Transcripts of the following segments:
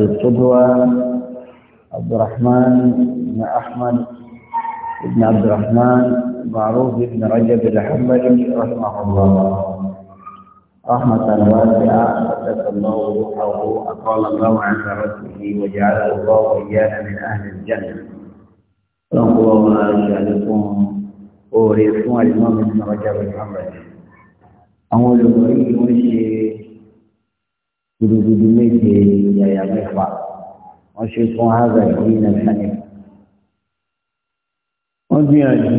القدوة عبد الرحمن بن أحمد بن عبد الرحمن معروف بن رجب الحنبلي رحمه الله رحمة واسعة وسد الله روحه أطال الله عن ربه وجعله الله إياه من أهل الجنة فانقلوا ما شأنكم أوريكم الإمام بن رجب الحنبلي أول مريض وشيء gudugudu méje yàyà mẹ́fà wọ́n ṣe fún haza yìí na sani. wọ́n gbìyànjú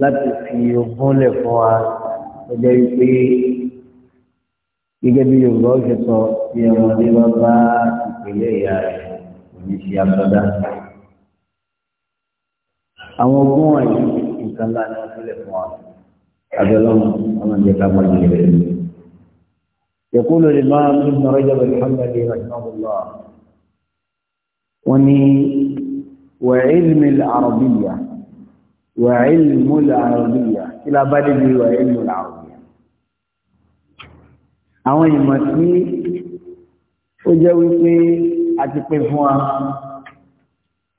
láti fi ogún lẹ̀ fún wa lọ́jọ́ wípé gẹ́gẹ́ bí yorùbá ó ṣe sọ bí ọmọdé bá bá ìpínlẹ̀ ìyá rẹ̀ kò ní ṣe àtọ́dá. àwọn ogún wọ̀nyí nǹkan ńlá ni wọ́n fi lẹ̀ fún wa abẹ́lọ́mọ ọmọdé ká mọ́ ìrẹ̀lẹ̀. يقول الإمام ابن رجب الحمد رحمه الله وني وعلم العربية وعلم العربية إلى بلدي وعلم العربية أولي مسمي وجوكي أتقفوا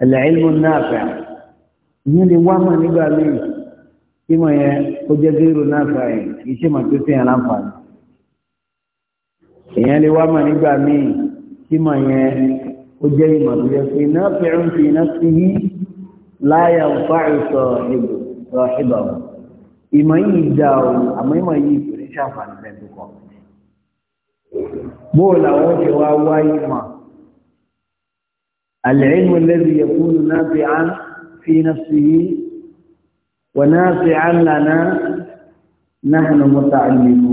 العلم النافع يلي وما نبالي كما هي وجدير النافع كما تسين الأنفاق ìyẹn mà nígbà míì tí mà yẹn ó jẹ́ ìmọ̀ tó yẹ pé náà fẹ́ràn fi iná sí yí láyà ń fa ìsọ ìbò sọ ìbà wọn ìmọ̀ yìí dá o àmọ́ ìmọ̀ yìí kò ní ṣàǹfààní fẹ́ imo yii kọ́ bóò làwọn sanfaani to wá wá ìmọ̀ العلم الذي يكون نافعا في نفسه ونافعا لنا نحن متعلمون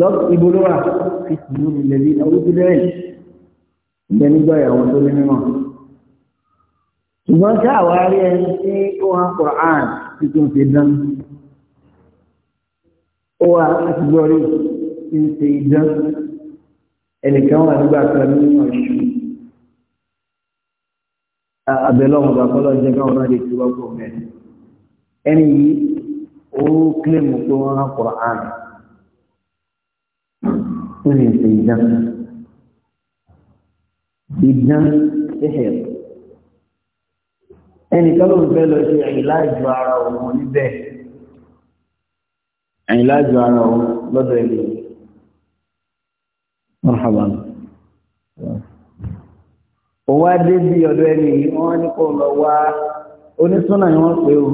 lọ́pù ìbolówà fi sùúrù nílẹ̀ bí àwùjọ lẹ́yìn ìgbẹ́ nígbà ìyàwó tó ní mímọ́. ṣùgbọ́n ṣé àwárí Qur'an tí kò ń ṣe dán ó wà láti gbọ́ rí tí ń ṣe dán ẹnìkan wà nígbà kan ní ọ̀ṣun Qur'an ó lè ṣe ìdán ìdán ṣẹ̀ṣẹ̀ ẹnìkan ló ń fẹ́ lọ ṣe ìlàjò ara òun níbẹ̀ ìlàjò ara òun lọ́dọ̀ ìlú marhaban ó wá dé bí ọ̀dọ̀ ẹni wọ́n ní kó lọ wá onísọ́nà ni wọ́n pè ó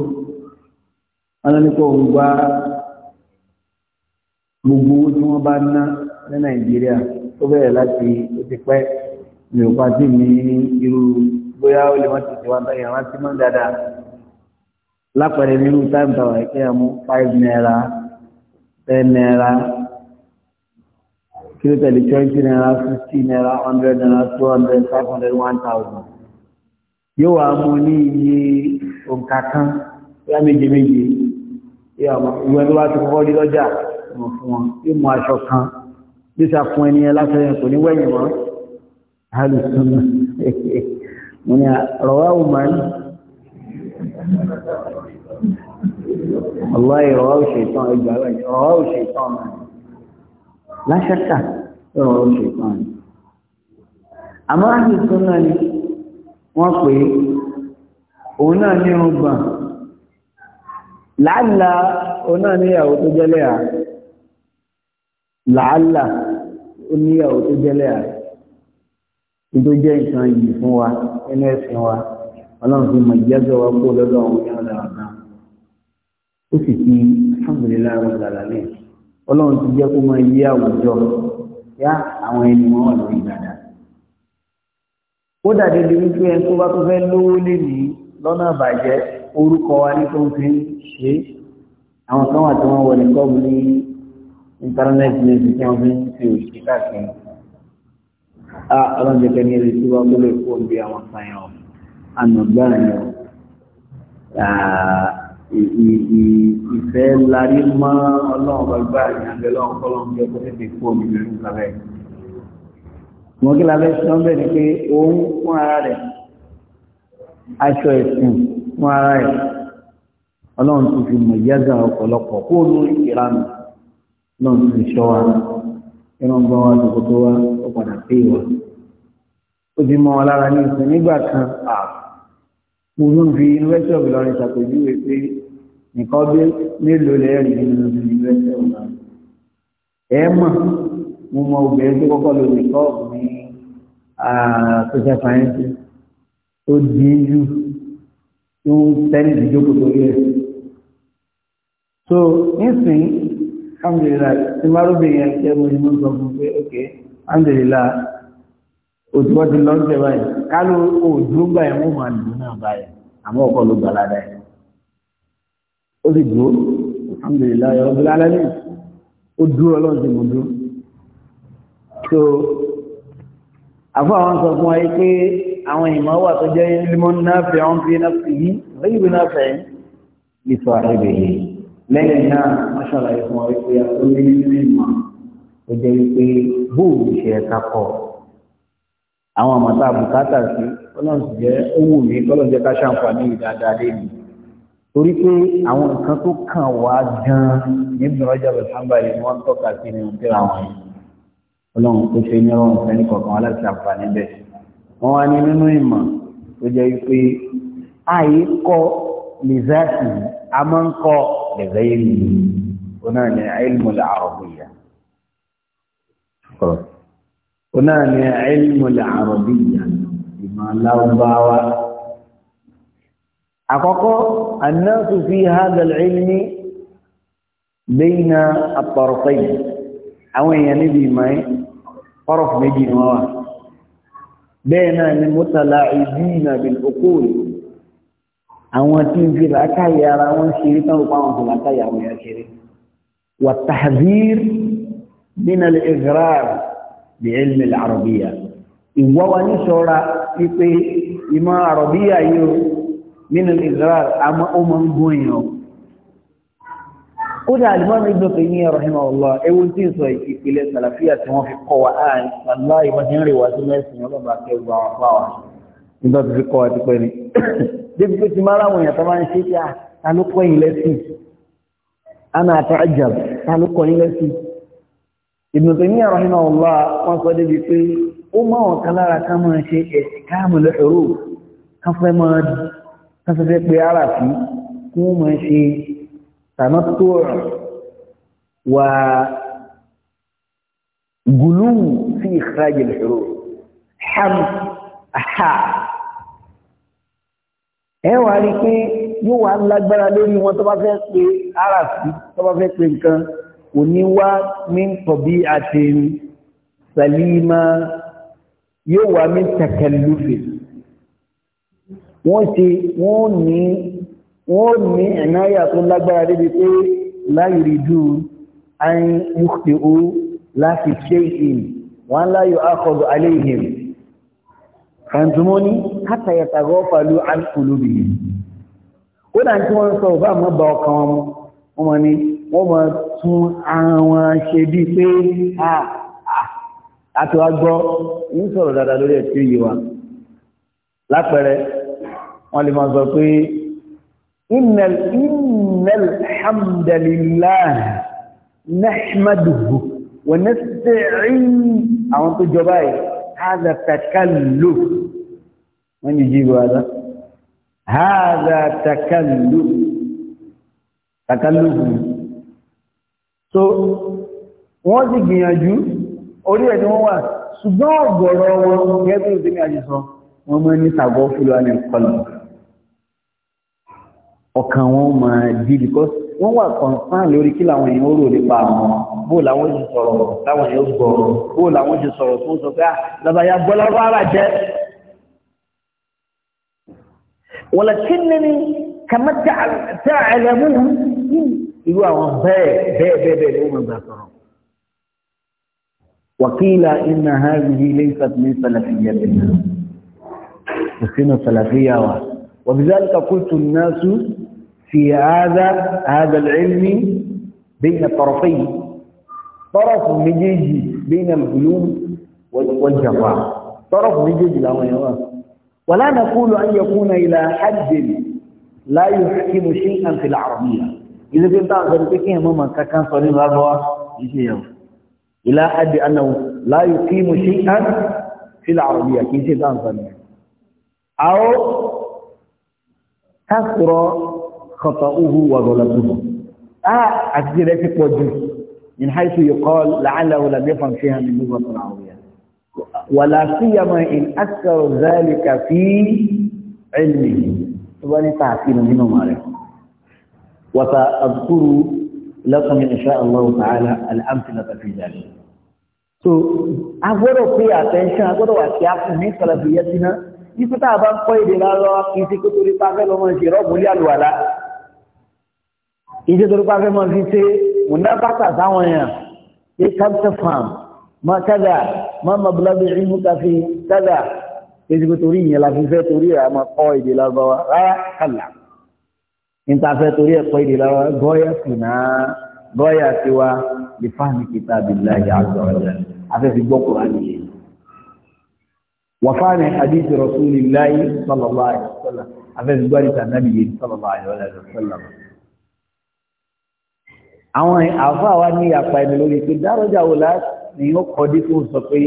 wọ́n ní kó wá gbogbo owó tí wọ́n bá ná ní nàìjíríà tó bẹ̀rẹ̀ láti ó ti pẹ́ mi ò pàtí ní irú bóyá ó lè má ti ti wá táyà rántí mọ́ dáadáa lápẹẹrẹ nínú táìmù tàwa ẹ̀kẹ́ àmú five naira ten naira kí ló tẹ̀lé twenty naira fifty naira hundred naira two hundred five hundred one thousand yóò wá mú ní iye òǹkà kan yá méje méje ìwé tó bá ti kọ́kọ́ dé lọ́jà mọ̀ fún wọn yóò mú aṣọ kan bí sàkún ẹni ẹ lásán yẹn kò ní wẹ̀yìn mọ́ alùsùn mo ní rọwá òmàn ọlọ́yìn rọwá òṣèṣàn ẹgbẹ́ rẹ̀ rọwá òṣèṣàn mọ́ láṣẹ́kà rọwá òṣèṣàn ni àmọ́ alùsùn náà ni wọ́n pè é òun náà ní irun láàlá òun náà níyàwó tó jẹ́lẹ̀ àá làálà ó níyàwó tó jẹ́lẹ̀ ààrẹ tó jẹ́ nǹkan yìí fún wa nínú ẹ̀sìn wa ọlọ́run fi mọ̀ ìyájọ́ wa kó lọ́dọ̀ àwọn èèyàn dáadáa ó sì fi alhamdulillah àwọn ìlànà lẹ́yìn ọlọ́run ti jẹ́ kó máa yí àwùjọ yá àwọn ẹni wọn wà lórí dáadáa ó dàdé di wípé ẹni tó bá tó fẹ́ lówó lè ní lọ́nà àbàjẹ́ orúkọ wa ní tó ń fi ṣe àwọn kan wà tí wọ́n wọlé kọ́ọ̀mù ní íńtánẹ́ẹ̀tì ní ti kí wọ́n fi ń fi òṣì káàkiri a ọlọ́njẹ kẹ́ni eré tí wọ́n gbọ́dọ̀ kó bí àwọn sanyọ ànàgbà yẹn ìfẹ́ larí mọ́ ọlọ́run gbàgbà yẹn abẹ́ lọ́wọ́ kọ́lọ́run jẹ́ kó tètè kó omi lórí nǹkan bẹ́ẹ̀. mo kí la fẹ́ sọ bẹ́ẹ̀ ni pé òun fún ara rẹ̀ aṣọ ẹ̀sìn fún ara rẹ̀ ọlọ́run tó fi mọ̀ yẹ́gà ọ̀pọ̀lọpọ̀ kó o lórí ìranù náà ti sọ wa ẹran bá wa dùkú tó wá ó padà pé wa ó ti mọ wọn lára ní ìsìn nígbà kan à mo tún fi yunifásitì of Ìlọrin ṣàpèjúwe pé nǹkan bí mélòó lẹ́yìn nínú yunifásitì of Ìlọrin ẹ mọ̀ mo mọ obìnrin tó kọ́kọ́ lo nìkọ́ ní social science tó di yú tó ń tẹ́lẹ̀ ìjókòó tó yẹ so nísìnyí alhamdulillah tí máa rúbìn yẹn jẹ́ mo ní mú sọ fún pé ok alhamdulillah òtúbọ́ ti lọ sí báyìí kálù òdúró báyìí wọ́n máa dùn náà báyìí àmọ́ ọkọ ló gbà ládàá yẹn ó sì dúró alhamdulillah yọ ọdún lálẹ́ ní ó dúró ọlọ́run ti mú dúró so àfọ àwọn sọ fún wa yìí pé àwọn ìmọ̀ wà tó jẹ́ limon náà fẹ́ ọ́n fi náà fi yí lẹ́yìn náà fẹ́ yìí lè sọ àrẹ́bẹ̀ yìí lẹ́yìn náà wọ́n ṣàlàyé fún wa wípé àtúndé nínú ìmọ̀ ó jẹ́ wípé bóòlù ṣe ẹ̀ka kọ̀ àwọn àmọ̀tá bùkátà sí ọlọ́run sì jẹ́ owó mi kọ́lọ́run jẹ́ ká ṣàǹfààní ìdáadáa lẹ́nu torí pé àwọn nǹkan tó kàn wá gan-an níbi ọjà bàtàmbà yìí ni wọ́n ń tọ́ka sí ní ọjọ́ àwọn yìí ọlọ́run tó ṣe ní ọrùn fẹ́ ní kọ̀ọ̀kan wá láti ṣàǹfààní bẹ́ẹ̀ wọ́n wá ní nínú ìmọ̀ tó jẹ́ wípé àìkọ́ lè záàtì a máa ń kọ́ لغيره هنا علم العربية هنا علم العربية بما لا باوى أقوى الناس في هذا العلم بين الطرفين أو يعني ما طرف مجين وواحد بين المتلاعبين بالعقول àwọn tí ń fi làákàyè ara wọn ṣeré tán òpá àwọn fi làákàyè àwọn èèyàn ṣeré wà tàhàzír nínú ìgbàr bí ilmi àrọ̀bíyà ìwọ́ wa ní ṣọ́ra wípé ìmọ̀ àrọ̀bíyà yóò nínú ìgbàr àmọ́ ó máa ń gún èèyàn kódà alimami ibn Taymiyyah rahimahullah ewu tí ń sọ ìpìlẹ̀ sàlàfíà tí wọ́n fi kọ́ wa áàrin ah, aláìwọ́n ti ń rìn wá sí mẹ́sìn ọlọ́ba débi pé ti máa ráwọn èèyàn tó máa ń ṣe kí a ah, ta ló kọ́ yín lẹ́sìn ana àtàjàb ta ló kọ́ yín lẹ́sìn Ibn Taymiyyah rahimahullah wọ́n sọ débi pé ó máa wọn kan lára ká máa ṣe ẹ̀sìkáàmù lẹ́rù ká fẹ́ máa ká fẹ́ fẹ́ pé ara fi kí wọ́n máa ṣe tànátò wà gùlùmù sí ìkìrájì lẹ́rù ham aha ẹ wà rí pé yóò wá lágbára lórí wọn tó bá fẹ́ pé ara sí tó bá fẹ́ pé nǹkan kò ní wá mí tọ̀bí àti sàlímà yóò wá mí tẹ̀kẹ̀lúfẹ̀ wọ́n ṣe wọ́n ní wọ́n ní ẹ̀náyà tó lágbára débi pé láyé rí àyìn yóò ó láti ṣe ìhìn wọ́n láyò ákọ̀dọ̀ aléhìn fàǹtùmọ́ni hátà yàtàgọ́ pẹ̀lú alùpùlùbì ó dà tí wọ́n sọ bá mọ́ bá ọkàn wọn wọ́n mọ̀ ní wọ́n mọ̀ tún àwọn ṣe bí pé àtọ́gbọ́ ń sọ̀rọ̀ dáadáa lórí ẹ̀tí yìí wa lápẹẹrẹ wọ́n lè máa sọ pé innal innal hamdalillah nahmaduhu wa nasta'in àwọn tó jọba yìí hádà من يجيب هذا هذا تكلف تكلف so wọ́n sì gbìyànjú orí ẹ̀ tí wọ́n wà ṣùgbọ́n ọ̀gọ̀rọ̀ wọn gẹ́gẹ́ tí ní àjíṣọ́ wọ́n mọ́ ní sàgọ́ fúlọ́ ní kọlù ọkàn wọn ma dí because wọ́n wà kọ̀ǹfán lórí kí làwọn èèyàn rò nípa àwọn bó làwọn ṣe sọ̀rọ̀ láwọn èèyàn gbọ́ bó làwọn ṣe sọ̀rọ̀ tó ń sọ pé lábáyá ah, gbọ́lábára jẹ́ ولكنني كما تعلمون يقول آه، باء باء باء باء لهم ذاكرهم وقيل إن هذه ليست من سلفيتنا نسينا سلفية وبذلك قلت الناس في هذا هذا العلم بين طرفين طرف مجيجي بين الغيوم والجفاء طرف مجيجي ما يواصل ولا نقول أن يكون إلى حد لا يحكم شيئا في العربية إذا كنت أغربك يا ماما كان صليم الأربعة يجي إلى حد أنه لا يقيم شيئا في العربية كيسي تنصني أو كثر خطأه وغلطه آه أكثر في قدر من حيث يقال لعله لم يفهم شيئا من لغة العربية ولا سيما إن أكثر ذلك في علمه طبعا تعفين منه مالك وسأذكر لكم إن شاء الله تعالى الأمثلة في ذلك so agbọ́dọ̀ pay attention agbọ́dọ̀ wà kí a fún ní kalabiyatina ibi tá a bá ń kọ́ èdè lọ́wọ́ kì í sí kó torí pàfẹ́ lọ́mọ ṣe rọ́ọ̀bù lé àlùwàlá ìṣe torí pàfẹ́ mọ́ fi ṣe mùnà bàtà sáwọn èèyàn ṣe kápítà fam mọ́tẹ́dà Mama mablabi ilmuka fi kaza ezigbo torí ìyẹn la fi fẹ́ torí ẹ̀ a máa kọ́ èdè lárúbáwá rárá kàlà níta fẹ́ torí ẹ̀ kọ́ èdè lárúbáwá gọ́yà tìǹà gọ́yà tiwa lè fáàmì kitabillahi azza wa jalla afẹ́fi gbọ́ Kùránì yẹn. wà fáàmì hadith rasulillahi sallallahu alaihi wasallam afẹ́fi gbọ́ àdìsí ànábì yẹn sallallahu alaihi wasallam. àwọn àfa wa ní ìyàpá ẹni lórí pé dárọ́jà wò láti ni yóò kọ́ dípò sọ pé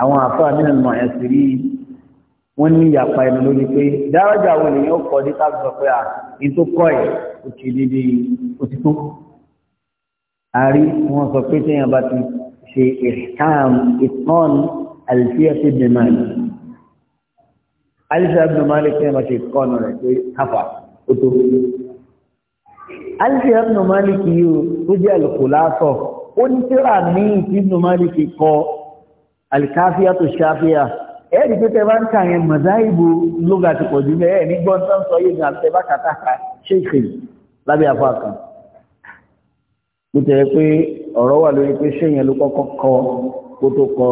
àwọn àfáà nínú ìmọ̀ ẹ̀sìn rí wọ́n ní ìyàpá ẹnu lórí pé dáwọ́jà wo ni yóò kọ́ dípò sọ pé à ní tó kọ́ ẹ̀ ó ti dédé ó ti tó. àrí wọn sọ pé téèyàn bá ti ṣe ìtàn ìtàn àlùfíàṣẹ bìmọ̀lì àlùfíàṣẹ bìmọ̀lì téèyàn bá ṣe ìtàn rẹ̀ pé káfà ó tó. àlùfíàṣẹ bìmọ̀lì kì í ó jẹ́ àlùkò láàfọ̀ ó ní tíra ní ìtìbùnú máàlìkì kọ alìkáfíà tó ṣáfíà ẹ̀ẹ́dì pé tẹ́bá ń kà yẹn mọ̀dáìbò lóga ti pọ̀ jùlọ ẹ̀ ní gbọ́n tán sọ yéèyàn àti tẹ́bá kàtàkà ṣèṣe lábẹ́ afọ àkàn bó tẹ̀ pé ọ̀rọ̀ wà lórí pé ṣé yẹn ló kọ́kọ́ kọ kó tó kọ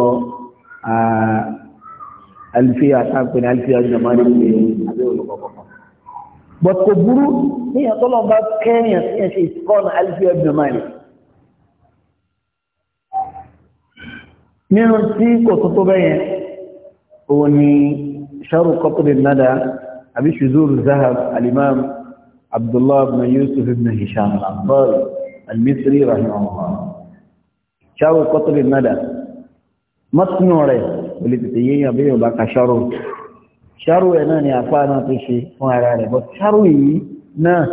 àlìfíà táǹpẹ̀ ní àlìfíà jùlọ máàlìkì abẹ́ olùkọ́kọ́ bọ̀t kò burú níyàn tó lọ́ nínú tí kò tó tó bẹ́yẹn òun ni sharu kọpùdì nada àbí ṣùzúrù zahab alimam abdullahi ibn yusuf ibn hisham al-akbar al-misri rahimahullah sharu kọpùdì nada matnu rẹ̀ olè tètè yíyan bí yóò bá ka sharu sharu ẹ̀ náà ni àfá náà tó ṣe fún ara rẹ̀ but sharu yìí náà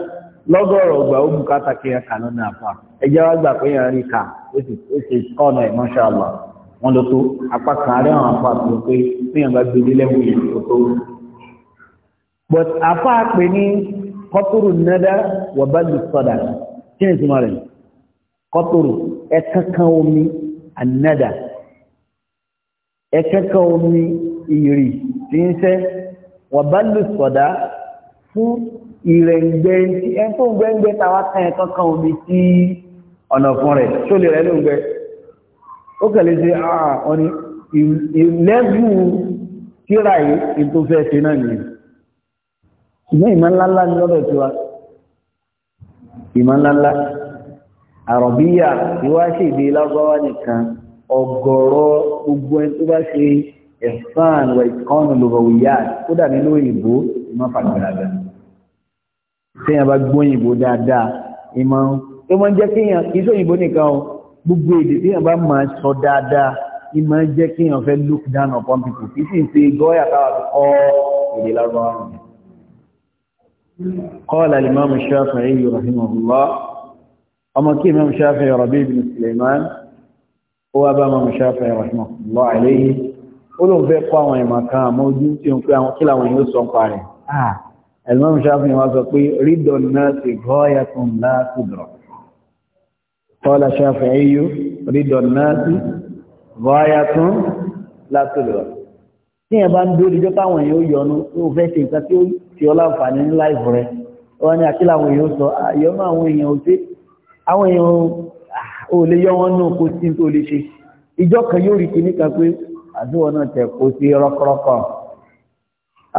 lọ́gọ́rọ̀ ọgbà ó bùkátà kí ẹ kà lọ́nà àfá ẹjẹ́ wá gbà pé yẹn rí ká ó sì kọ́nà ẹ̀ masha wọ́n lọ tó apá kan àárẹ̀ àwọn afá tó pé níyàn bá gbé délẹ́wò yìí tó tó. but afá pè ní kọ́tùrù nẹ́dá wà bá lù sọ̀dà kí ni ìtumọ̀ rẹ̀ kọ́tùrù ẹ̀kankan omi ànẹ́dà ẹ̀kankan omi ìrì tí ń sẹ́ wà bá lù sọ̀dà fún ìrẹ̀ǹgbẹ́ ẹni gbẹ́ngbẹ́ tàwa kan ẹ̀kankan omi sí ọ̀nà fún rẹ̀ tó lè rẹ̀ ló ó kẹ̀lé sí àà ọni ìlẹ́bù kíra yìí tó fẹ́ ṣe náà nìyẹn ṣùgbọ́n ìmọ̀ ńláńlá ní lọ́dọ̀ tiwa ìmọ̀ ńláńlá àrọ̀bíyà ìwá ṣe èdè lágbáwá nìkan ọ̀gọ̀rọ̀ gbogbo ẹni tó bá ṣe ẹ̀fán wà ìkọ́nù lọ́wọ́wìyà ó dà nínú òyìnbó ìmọ̀ fàgbàlagbà téèyàn bá gbóyìnbó dáadáa ìmọ̀ ó máa jẹ́ kéèyàn kì sóyìnbó nìkan o gbogbo èdè tí yàn bá máa sọ dáadáa ní jẹ́ kí yàn fẹ́ look down upon people kì í sì ń ṣe gọ́ọ̀yà káwà tó kọ́ èdè lárúbáwá rẹ̀. قال الإمام الشافعي رحمه الله أما كي إمام الشافعي ربيع بن سليمان هو أبا إمام الشافعي رحمه الله عليه olóhùn fẹ́ kọ́ àwọn ìmọ̀ kan àmọ́ ojú tí ó ń pé àwọn kílà àwọn yóò sọ ń parẹ̀. ẹ̀lmọ́mù ah, ṣáfihàn wá sọ pé rídọ̀ náà ti gọ́ yàtọ̀ ńlá kùdọ̀rọ̀. قال شافعي رضا الناس غاية لا تدرى tí ẹ bá ń dúró díjọ́ táwọn èèyàn ó yọnu tó fẹ́ ṣe nǹkan tí ó ti ọlá àǹfààní ní láìfù rẹ wọn ni àkílà àwọn èèyàn sọ àyọmọ àwọn èèyàn ò ṣe àwọn èèyàn ò lè yọ wọn náà kó sí tó lè ṣe ìjọ kan yóò rí kinní kan pé àdúgbò náà tẹ kó sí rọkọrọkọ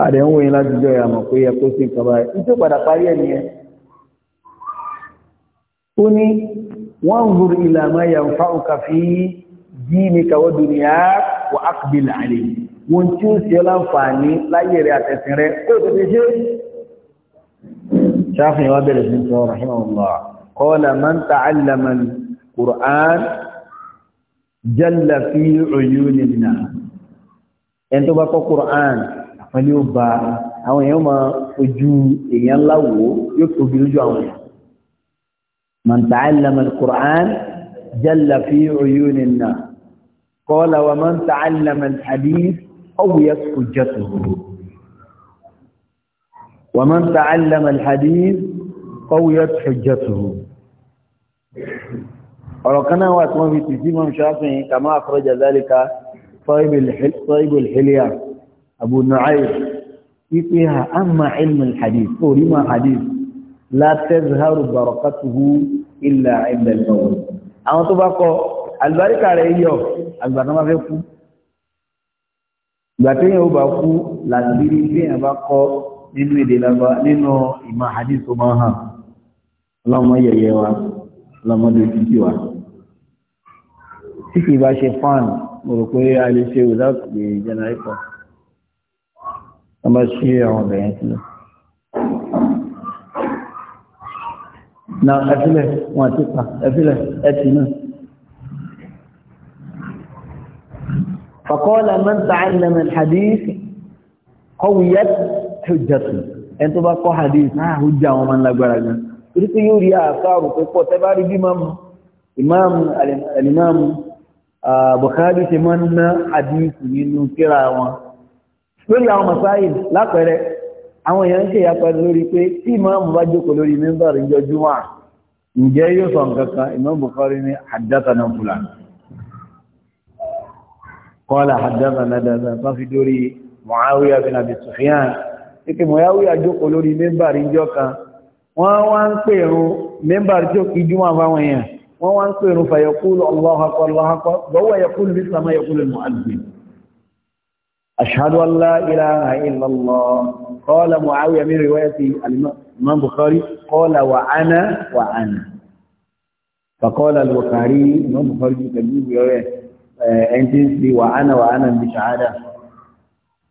àdé ń wòye láti jọ ìyàmọ pé ẹ kó sí nǹkan báyìí nítorí padà parí ẹ nìyẹn wanzur ila ma yanfa'uka fi dinika wa dunyak wa aqbil alayhi wọ́n tí ó ṣe láǹfààní láyé rẹ̀ àtẹ̀sìn rẹ̀ ó tẹ̀sẹ̀ ṣe ṣáfihàn wá bẹ̀rẹ̀ sí sọ rahimahullah qala man ta'allama al-qur'an jalla fi 'uyuni an-nas ẹni tó bá kọ́ qur'an àpẹẹlẹ́ ó ba àwọn èèyàn máa ojú èèyàn láwò yóò من تعلم القرآن جل في عيون الناس قال ومن تعلم الحديث أو حجته ومن تعلم الحديث قويت حجته ولكن واتوا في تسيم شافعي كما أخرج ذلك طيب الحل الحلية أبو نعيم فيها أما علم الحديث ما حديث لا تظهر بركته ilà ẹ̀dẹ̀ lọ́wọ́ àwọn tó bá kọ àlùbáríkà rẹ̀ yọ àgbà tó bá fẹ́ kú ìgbà téèyàn ó bá kú làbí téèyàn bá kọ nínú èdè lábá nínú ìmọ̀ hadith tó máa hàn ọlọ́mọ yẹ̀yẹ́ wa ọlọ́mọ lójú sí wa tí kì í bá ṣe fan mo rò pé a lè ṣe without the generator wọ́n bá ṣe àwọn ọ̀bẹ̀yẹn sílẹ̀. na ẹ̀fílẹ̀ wọn àti pa ẹ̀fílẹ̀ ẹ̀tì náà fàkọ́ọ̀lá mẹ́ta àìlẹ̀mẹ̀ hadith kọwùyẹ́ hujjatu ẹni tó bá kọ́ hadith náà hujja wọn máa ń lágbára gan torí pé yóò rí àkàrù tó pọ̀ tẹ́ bá rí bí máa ìmáàmù alìmáàmù Bukhari ṣe máa ń ná hadith nínú kíra ìmáàmù bá ǹjẹ́ yóò sọ nǹkankan Imam Bukhari ní haddathana fulan qala haddathana dáadáa bá fi dórí Muawiya bin Abi Sufyan ike Muawiya jókòó lórí mẹ́bàrí jọ kan wọ́n wá ń pèrún mẹ́bàrí tó kí jùmọ̀ àbáwọn èèyàn wọ́n wá ń pèrún fa yaqulu Allahu أشهد أن لا إله إلا الله قال معاوية من رواية الإمام بخاري قال وأنا وأنا فقال البخاري الإمام بخاري تجيب رواية أنت في وأنا وأنا بشهادة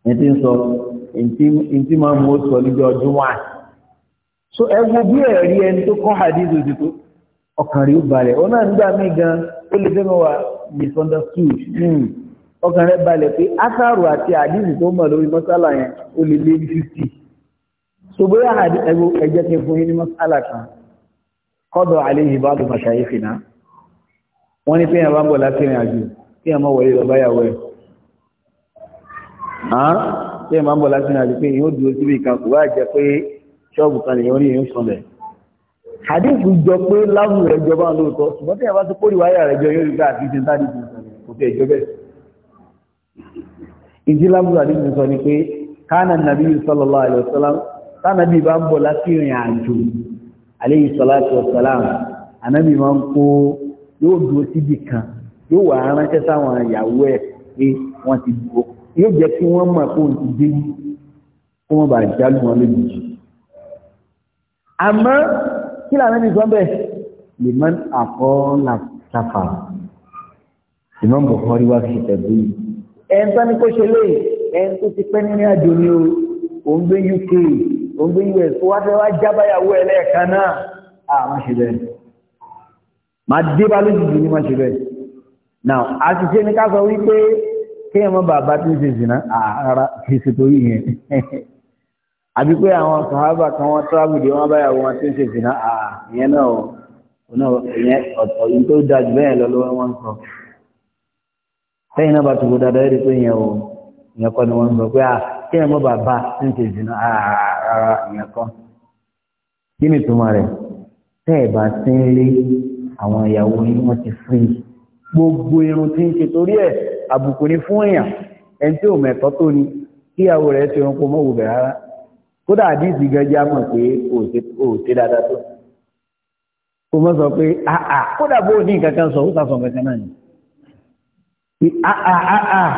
أنت أنت ما موت ولد الجمعة so ẹwọ bí ẹ̀rí ẹni tó kọ́ hadith òtítọ́ ọkàn rí ó balẹ̀ ọ náà nígbà míì gan ó lè fẹ́ mọ́ wa misunderstood ọkàn rẹ̀ balẹ̀ pé átàrù àti àdìsì tó mọ̀ lórí mọ́sálà yẹn ó lè lé 50 so bóyá ẹgbẹ́ ẹjẹ́ kí fún yín ní mọ́sálà kan kọ́dọ̀ àléyìí bá lù màṣàyé fìná wọ́n ní fíyàn bá ń bọ̀ láti rìn àjò fíyàn mọ́ wọlé lọ báyàwó ẹ̀ fíyàn bá ń bọ̀ láti rìn àjò pé yóò dúró síbi kan kò wá jẹ́ pé ṣọ́ọ̀bù kan lèyàn rí èyàn sọlẹ̀ àdìsì jọ pé láwùrẹ̀ jọba lóòótọ́ ṣùgbọ́n ìdí lábúrò àdíjì sọ ni pé kánà nàbí sallallahu alaihi wasallam kánà bí bá ń bọ̀ láti ìrìn àjò alaihi salatu wassalam ànábì máa ń kó yóò dúró síbì kan yóò wà ránṣẹ́ sáwọn ìyàwó ẹ̀ pé wọ́n ti dúró yóò jẹ́ kí wọ́n mọ̀ kó wá fi tẹ̀gbẹ́ yìí ẹ̀ńtọ́ ni kó ṣe léyìí ẹ̀ń tó ti pẹ́ nínú àjò ni o ò ń gbé UK ò ń gbé US wá fẹ́ wá jábáyàwó ẹ̀ náà à má ṣe bẹ́ẹ̀ máa dé bá lójijì ní má ṣe bẹ́ẹ̀ now àṣìṣe ni ká sọ wípé kéèyàn mọ bàbá tí ń ṣe ìsìn náà àárá kì í ṣe torí yẹn àbí pé àwọn sàhábà kan wọn travel dé wọn báyàwó wọn tí ń ṣe ìsìn náà ìyẹn náà ìyẹn ọ̀tọ̀ yìí tó dájú bẹ́ẹ̀ lọ́wọ́ wọn sọ sẹ́yìn náà bá ti wo dáadáa rí pé ìyẹn o ìyẹn kọ́ ni wọ́n ń sọ pé kí ẹ̀ mọ́ bàbá ń ti zìnà rárá ìyẹn kọ́ kí ni ìtumọ̀ rẹ̀ tẹ́ ẹ̀ bá sí ń lé àwọn ìyàwó yín wọ́n ti fún yìí gbogbo irun tí ń ṣe torí ẹ̀ àbùkù ni fún èèyàn ẹni tí ò mẹ̀tọ́ tó ni kíyàwó rẹ̀ ṣe irun kó mọ́ wò bẹ̀ rárá kódà àdìsí gẹ́gẹ́ á mọ̀ pé ò ṣe dáadáa tó kó mọ́ sọ pé kódà bó ní nǹkan kan sọ ó sàsọ̀ nǹkan náà ni pé àà ah,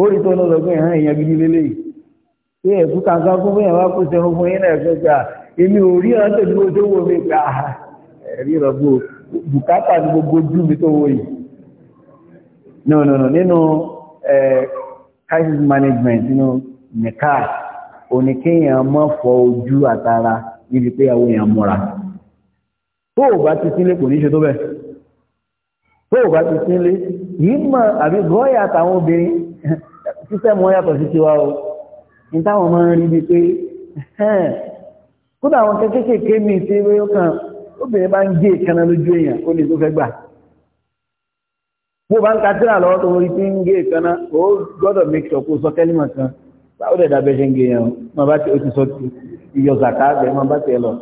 orí ah, ah, tó lọ́dọ̀ pé ẹ̀hán èèyàn gidi lélẹ̀ yìí pé ẹ̀kú kàǹkà fún fún ẹ̀wá kó sẹ́run fún yín náà fẹ́ gbà èmi ò rí ọ̀hán tẹ̀lé owó tó wò mí gbà ẹ̀rí rọ̀gbò bùkátà ní gbogbo ojú mi tó wò yìí nínú crisis management nínú nìka oníkéèyàn mọ́ fọ ojú àtara níbi pé àwọn èèyàn mọ́ra tó o bá ti sílé kò ní ṣe tó bẹ́ẹ̀ tó ò bá ti sínlé yìí mọ̀ àbí gọ́ọ̀yà àtàwọn obìnrin sísẹ́mù wọn yàtọ̀ sí tiwa o ní táwọn máa ń rí bíi pé kódà àwọn kékèké mi tí ó kàn obìnrin bá ń gé ìkànnà lójú èèyàn ó lè tó fẹ́ gbà bó bá ń ka tíra lọ́wọ́ tó rí tí ń gé ìkànnà ó gbọ́dọ̀ make sure kó sọ kẹ́límọ̀ kan báwo dẹ̀ dábẹ́ ṣe ń gé yẹn o ti sọ ti iyọ̀ máa bá ti lọ.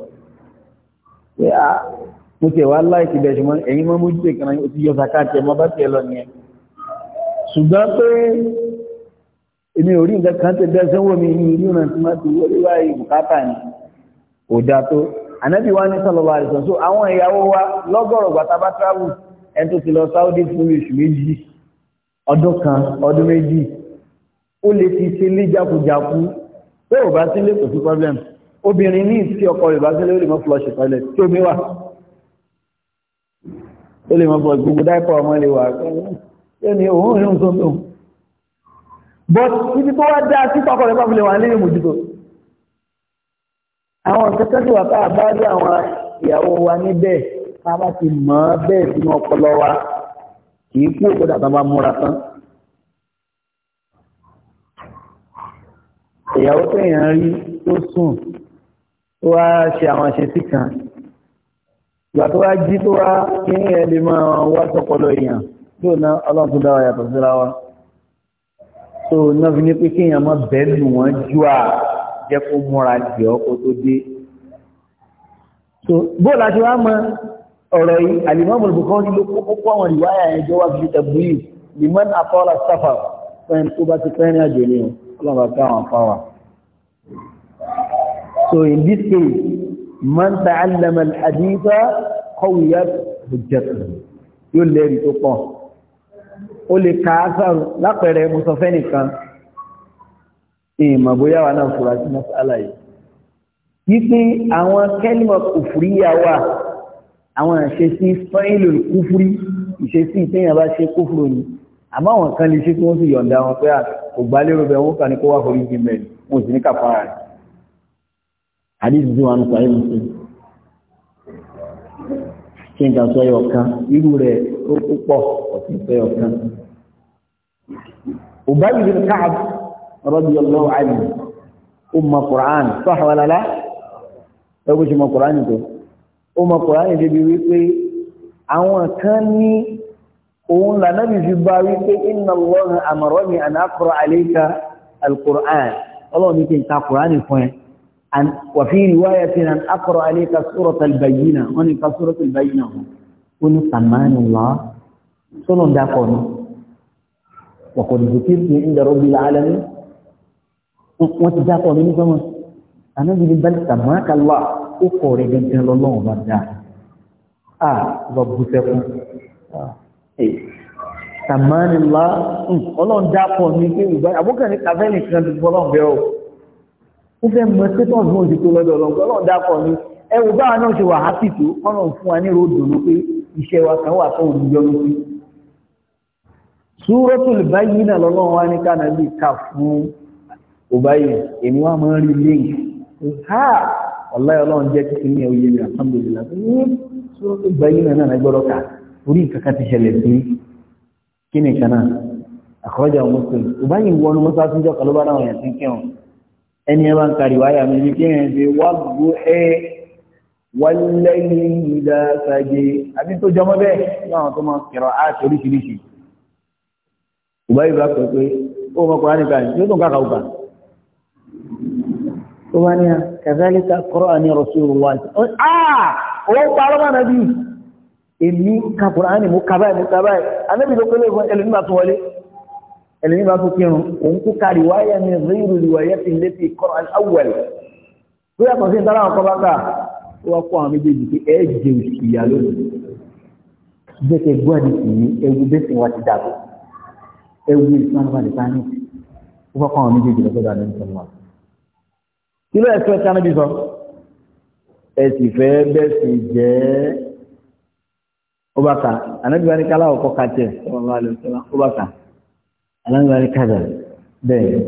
Ah, mo tẹ̀ wá láìsí bẹ̀ ṣùgbọ́n ẹ̀yin mọ́ mójútó ìkànnà ó ti yọ sàkáàtì ẹmọ bá tiẹ̀ lọ nìyẹn ṣùgbọ́n pé èmi ò rí nǹkan kan tẹ̀ bẹ́ẹ̀ sẹ́wọ́ mi ní ìlú náà tí máa ti wọlé wáyé bùkátà ni kò dá tó ànábì wa ní sọlọ́wọ́ àìsàn so àwọn ìyàwó wa lọ́gọ́rọ̀ gbàtà bá travel ẹni tó ti lọ Saudi fún oṣù méjì ọdún kan ọdún méjì ó lè fi ṣe lé jákujàku pé ò bá sílé kò sí problem obìnrin ní ìsí ọkọ rẹ̀ bá sílé ó lè mọ́ flush toilet tí omi wà ó lè mọ́ gbogbo dáìpọ̀ ọmọ lè wà ní òun ìrìn tó tó but ibi tó wá dá sí pàkọ̀ rẹ̀ pàbílẹ̀ wà nílé mojútó àwọn kẹta sí wà táà bá rí àwọn ìyàwó wa níbẹ̀ ká bá ti mọ̀ ọ́ bẹ́ẹ̀ sínú ọpọlọ wa kì í kú òkúta tó bá múra tán ìyàwó tó yàn rí tó sùn tó wá ṣe àwọn àṣetí kan ìgbà tó wá jí tó wá kí ní ẹ̀lẹ́ máa wá tọ́pọ̀lọ èèyàn tí ó ná ọlọ́pù dáwà yàtọ̀ síra wa tó náà fi ní pé kí èèyàn má bẹ́ẹ̀lù wọ́n jú à jẹ́ kó múra jẹ́ ọkọ̀ tó dé bó láti wá mọ ọ̀rọ̀ yìí alimami Bukhari ló kókó àwọn ìwáyà yẹn jọ wá fi tẹ̀bù yìí liman atọ́la sáfà fẹ́ni tó bá ti fẹ́ni àjò ní ọlọ́pàá káwọn fáwà so in this case man ta'allama al-haditha qawiyat hujjatuhu yóò lẹ́rìí tó pọ̀ ó lè ka asáru lápẹẹrẹ mo sọ fẹ́nìkan ìmọ̀ bóyá wà náà fura sí mọ́sálà yìí wípé àwọn kẹ́lìmọ̀ kùfúrí yà wà àwọn àṣesí fẹ́ìlò kúfúrí ìṣesí ìtẹ́yìn bá ṣe kúfúrò ni àmọ́ àwọn kan lè ṣe kí wọ́n sì yọ̀ǹda wọn pé àgbálérò bẹ̀ wọ́n kà ní kó wá forí jìn bẹ́ẹ̀ sì ní kàfàrà rẹ̀ àdìsí tí wọ́n ń sọ ayé mùsùlùmí kí n kà sọ yọ kan irú rẹ̀ ó pọ̀ ọ̀sìn sọ yọ kan. Ubay bin Ka'b radiyallahu anhu ó mọ Qur'an sọ́ha wa lálá ẹgbẹ́ ṣe mọ Qur'an tó ó mọ Qur'an débi wípé àwọn kan ní òun lànàbì fi bá wípé inna Allaha amarani an aqra alayka al-Qur'an ọlọ́run ní kí n ka Qur'an fún ẹ. أن وفي رواية أن أقرأ عليك سورة البينة وأن سورة البينة قل سمان الله سنو داقون وقد ذكرت عند رب العالمين وتداقون من كما أنا بل بل سماك الله أقرأ جنت الله بردا آه رب سكون آه إيه سمان الله الله داقون من كما أبوك أنك أفعل إسلام بالبرام بيو ó fẹ́ mọ sétọ́n fún òṣètò lọ́dọ̀ ọlọ́pọ̀ ọlọ́run dákọ̀ ni ẹwù báwa náà ṣe wà hápì tó ọlọ́run fún wa ní ròdò ló pé iṣẹ́ wa kan wà tó òun yọnu sí. Suratul Bayyinah lọ́lọ́run wa ní kánàbí kà fún òbáyé èmi wa máa ń rí lẹ́yìn ha ọ̀la ọlọ́run jẹ́ kí ní oyè mi alhamdulillah ní Suratul Bayyinah náà gbọ́dọ̀ kà orí kankan ti ṣẹlẹ̀ sí kí ni kan àkọ́jà Muslim òbáyé wọnú mọ́sáàtúnjọ́ kan ló bá dáhùn yẹn sí ẹni ẹ bá ń kàrí wáyà mi ní kí ẹ̀ ṣe wá gbó ẹ wálẹ́yìn ìdá sàgé àbí tó jọmọ́ bẹ́ẹ̀ ní àwọn tó máa kẹrọ áàtì oríṣiríṣi ìgbà yìí bá pẹ̀ pé ó mọ̀ kọ́ra nípa yóò tó ń káka ọgbà tó bá ní kàzálíkà kọ́rọ̀ àní Rasulullah áà ó parọ́ mọ́ nàbí èmi kàkùrọ̀ àní mú kábàá mú kábàá ànábì ló pẹ́lẹ́ ẹlòmíbà tó wọlé ẹni ní bá tó kírun òun kú ka rìwáyà ní ríru rìwáyà ti létí kọ́ awẹ́l tó yàtọ̀ sí ìtara àwọn kọ́bátà tó wá kó àwọn méjèèjì pé ẹ jẹ ìyá lónìí bẹ́ẹ̀ gbọ́ ẹni sì ní ewu bẹ́ẹ̀ sì wá ti dàgbò ewu ìsanwó àdìsáni ó bá kó àwọn méjèèjì lọ́sọ̀dọ̀ àdéhùn sọ̀rọ̀ wọn. kí ló ẹ̀sọ́ ẹ̀ka níbi sọ ẹ sì fẹ́ bẹ́ẹ̀ sì jẹ́ ó bá kà ànábìbá alágbàrí kàdà bẹ́ẹ̀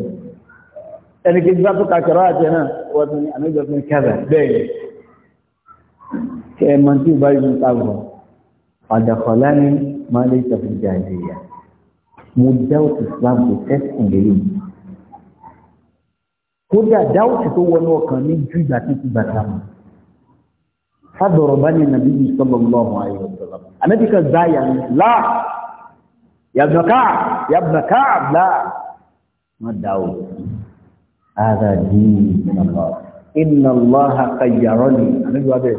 ẹni kí bá tó kàkàrọ̀ àti náà wọ́n tún ní àmẹ́jọ́fún kàdà bẹ́ẹ̀ kí ẹ máa tí ó bá yìí táwọn ọ̀dàkọ̀lá ní máa lè sọ fún jàǹdìyà mo dáwọ̀tì islam kò tẹ́sán lè yìí kódà dáwọ̀tì tó wọnú ọkàn ní ju ìgbà tí ti bàtà mọ́ fàdọ̀rọ̀ bá ní nàbí sallallahu alaihi wasallam àmẹ́bíkà záyà ní láà yabna Ka'b yabna Ka'b la wọn dà o ara dín inna Allaha qayyarani àníbi wà bẹ́ẹ̀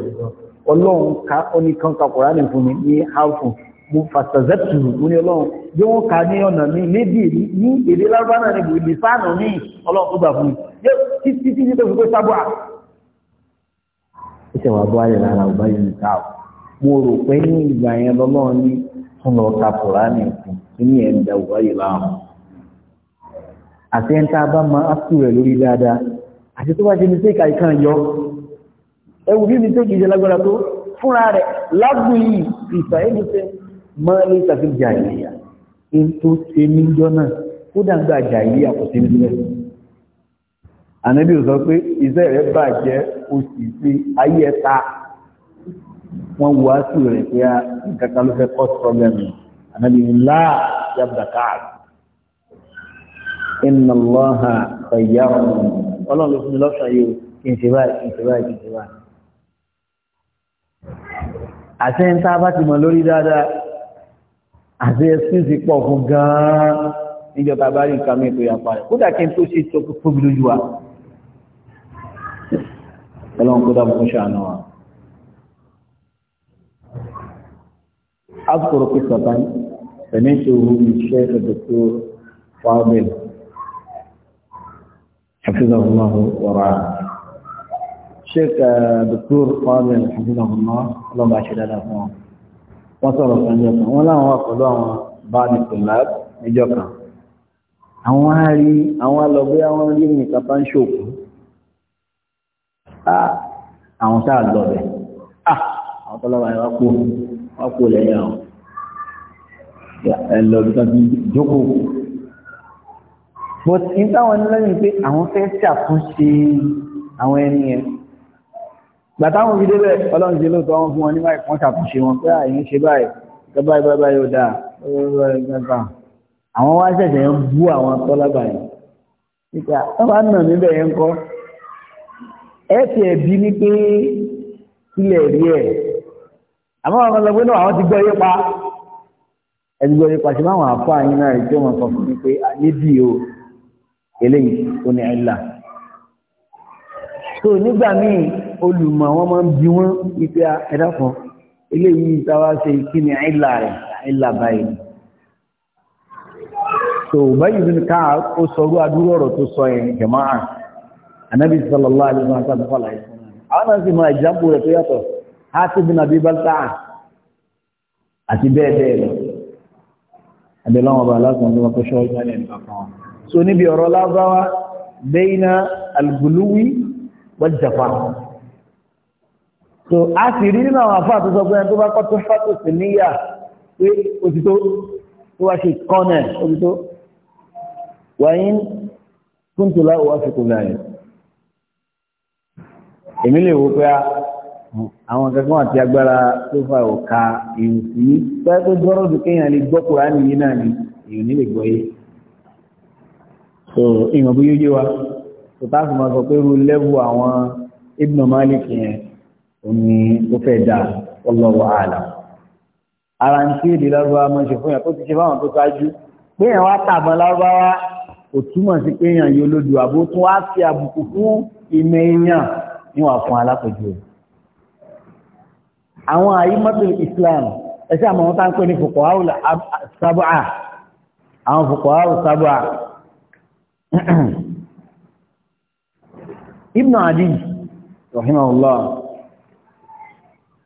ọlọ́run ká oníkan ka Kùránì fún mi ní áàfù mo fàṣàzẹ́tù mo ní ọlọ́run bí wọ́n ka ní ọ̀nà mi níbi ní èdè lárúbá náà níbi ìlú fáànù ní ọlọ́run tó gbà fún mi yóò títí títí tó fi pé sábà ìṣẹ̀ wà bọ́ àyè lára ọba yìí nìkan mo rò pé ní ìgbà yẹn lọ́lọ́run ní tún lọ ka Kùránì fún ní ẹ̀dá wáyé láàmú. àti ẹni tá a bá máa ápù rẹ̀ lórí dáadáa àti tó bá ṣe ní séèkà ìkan yọ ẹwù bí mi séèkì ìjẹ lágbára tó fúnra rẹ̀ lágbù yìí ìfà ẹni tẹ máa lè ṣàfihàn jà ìlẹ̀yà ẹni tó ṣe ní jọ náà kódà ń gbà jà ìlẹ̀yà kò sí nílẹ̀. ànábì ò sọ pé iṣẹ́ rẹ̀ bàjẹ́ oṣù sí ayé ẹ̀ta wọ́n wo ápù rẹ̀ pé ah, nǹkan kan ló fẹ́ cause problem yìí ànábì ńlá yabda káàd inna Allaha khayyaru ọlọ́run ló fún mi lọ́sàn-án yìí kí n ṣe báyìí kí n ṣe báyìí kí n ṣe báyìí. àti ń tá a bá ti mọ̀ lórí dáadáa àti ẹsùn ti pọ̀ fún gan-an níjọba bá rí nǹkan mi tó yà pa rẹ̀ kódà kí n tó ṣe tóbi lójú wa. ọlọ́run kó dáa mọ̀ fún ṣàánú wa. أذكر قصة سمعته من الشيخ الدكتور فاضل حفظه الله ورعاه الشيخ الدكتور فاضل حفظه الله اللهم بارك له وصرف عن جوكا ولا هو قدوة بعض الطلاب نجوكا àwọn àárí àwọn alọ́gbé àwọn rí ní kàtà ń ṣòkú àwọn sáà lọ́bẹ̀ àwọn tọ́lọ́bà ẹ̀wà kú wọ́n kó lẹ́yìn àwọn ẹ̀lọ́ bí wọ́n ti jókòó. but n táwọn ẹni lẹ́yìn pé àwọn fẹ́ ṣàtúnṣe àwọn ẹni yẹn gbàtà àwọn fi débẹ̀ ọlọ́run ṣe lóòótọ́ wọn fún wọn nígbà ìpọ́n ṣàtúnṣe wọn pé àyè ah, ń ṣe báyìí ṣe báyìí báyìí báyìí ó dáa àwọn wá ṣẹ̀ṣẹ̀ ń bú àwọn tọ́lágbà yìí nígbà wọ́n bá nà níbẹ̀ yẹn kọ́ ẹ ti bí ní pé ilẹ̀ rí ẹ̀ àmọ́ àwọn ọmọ náà àwọn ti gbọ́ yé pa ẹni gbọ́ yé pa ṣe máa wọn àfọ àyín náà rí tí sọ fún mi pé níbi o eléyìí ó ní àìlà so nígbà míì olùmọ̀ wọn máa ń bi wọ́n wípé ẹ̀dá kan eléyìí táwa ṣe kí ni àìlà rẹ̀ àìlà báyìí so báyìí bí ká ó sọrú adúrú ọ̀rọ̀ tó sọ yẹn jẹ̀máà anábì sallallahu alaihi wasallam àwọn náà sì máa ìjàmbù rẹ̀ tó yàtọ̀ Hatib bin Abi Balta'a àti bẹ́ẹ̀ bẹ́ẹ̀ lọ. Àbẹ̀lọ́wọ̀n ọba aláàkùn ló wá kó ṣọ́ ìgbà lẹ́nu kankan. So níbi ọ̀rọ̀ lábáwá, Bẹ́yìnà Al-Guluwi wal Jafa. So a sì rí nínú àwọn àfáà tó sọ pé ẹni tó bá kọ́ tó fàtò sí níyà pé òtítọ́ tó wá ṣe kọ́nẹ̀ òtítọ́. Wàyín kúntùlá òwá fi kò láyé. Èmi lè wo pé a àwọn kankan àti agbára tó fà ò ka èyàn sí pẹ́ tó gbọ́rọ̀ dùn lè gbọ́ kùránì yìí náà ni èyàn ní lè gbọ́ so ìmọ̀ bí yóò yé wa tó tá a fi máa sọ pé irú lẹ́bù àwọn Ibn Malik yẹn òní tó fẹ́ dà wallahu a'lam ara ń tí èdè lárúbáwá máa ń ṣe fún yàn tó ti ṣe fáwọn tó ṣáájú pé yàn wá tàbọn lárúbáwá kò túmọ̀ sí pé yàn yóò lójú àbó wá sí àbùkù fún ìmẹ̀ èèyàn níwà fún alákòjú rẹ̀ àwọn àyímọ́tò islam ẹ̀sẹ̀ àmọ́ wọn tá ń pè ní fuqahau sábàá àwọn fuqahau sábàá ibn adi rahimahullah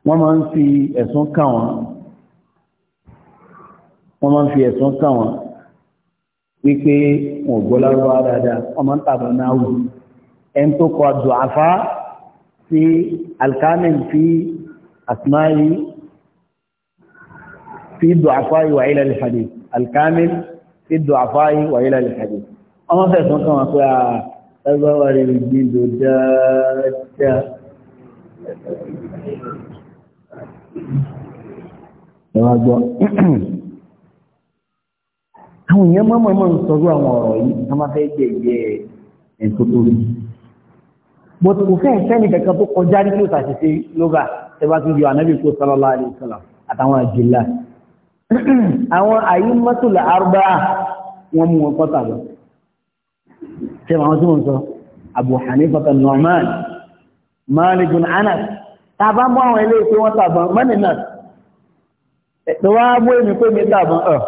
wọ́n máa ń fi ẹ̀sùn kàn wọ́n wọ́n máa ń fi ẹ̀sùn kàn wọ́n wípé wọn ò gbọ́ lárúbá dáadáa wọ́n máa ń tàbí náà wù ẹni tó kọ dùn àfá sí alkamin fi أسمائي في الضعفاء وإلى الحديث الكامل في الضعفاء وإلى الحديث أما في أسماء كما قال أبوار الجيد داتا àwọn èèyàn máa máa ń sọ̀rọ̀ àwọn ọ̀rọ̀ yìí ká máa fẹ́ jẹ́ ìyẹ́ ẹ̀ntó tó rí bọ́tù kò fẹ́ ìfẹ́ nìkẹ́kẹ́ tó kọjá ní kí ó tàṣìṣe lóga tẹ́bá tún yọ ànábì kó sallallahu alaihi wasallam àtàwọn àjìlá àwọn a'immatul arba'a wọn mú wọn kọ́tà lọ tẹ́bà wọn tí sọ Abu Hanifa Nu'man Malik Anas tàbá mọ́ àwọn ilé ìpé wọn tàbọn mọ́nì náà ẹ̀tọ́ wá mú èmi pé mi tàbọn ọ̀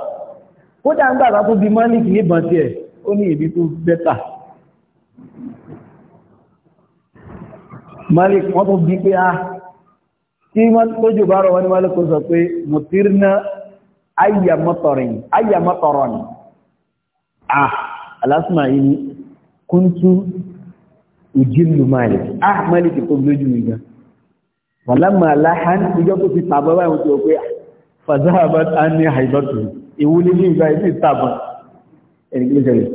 kódà ń gbàgbà tó bí Malik níbọn tiẹ̀ ó ní ìbí tó bẹ́tà Malik wọ́n tó bí pé ah tí tójú bá rọ̀ wọ́n ni wọ́n lókun sọ pé mutirna ayyamọ́tọ̀rọ̀ ni ah alásùmá yìí ni kúntú ìjìnlù malik ah malik tó lójú ah, ìgbà wàlámà aláhán ìjọ tó fi tàbá báyìí tó pé fàzáàbá á ní àìbọ́tù ìwúlé ní ìgbà ìsì tàbá ẹni kí ló ṣẹlẹ̀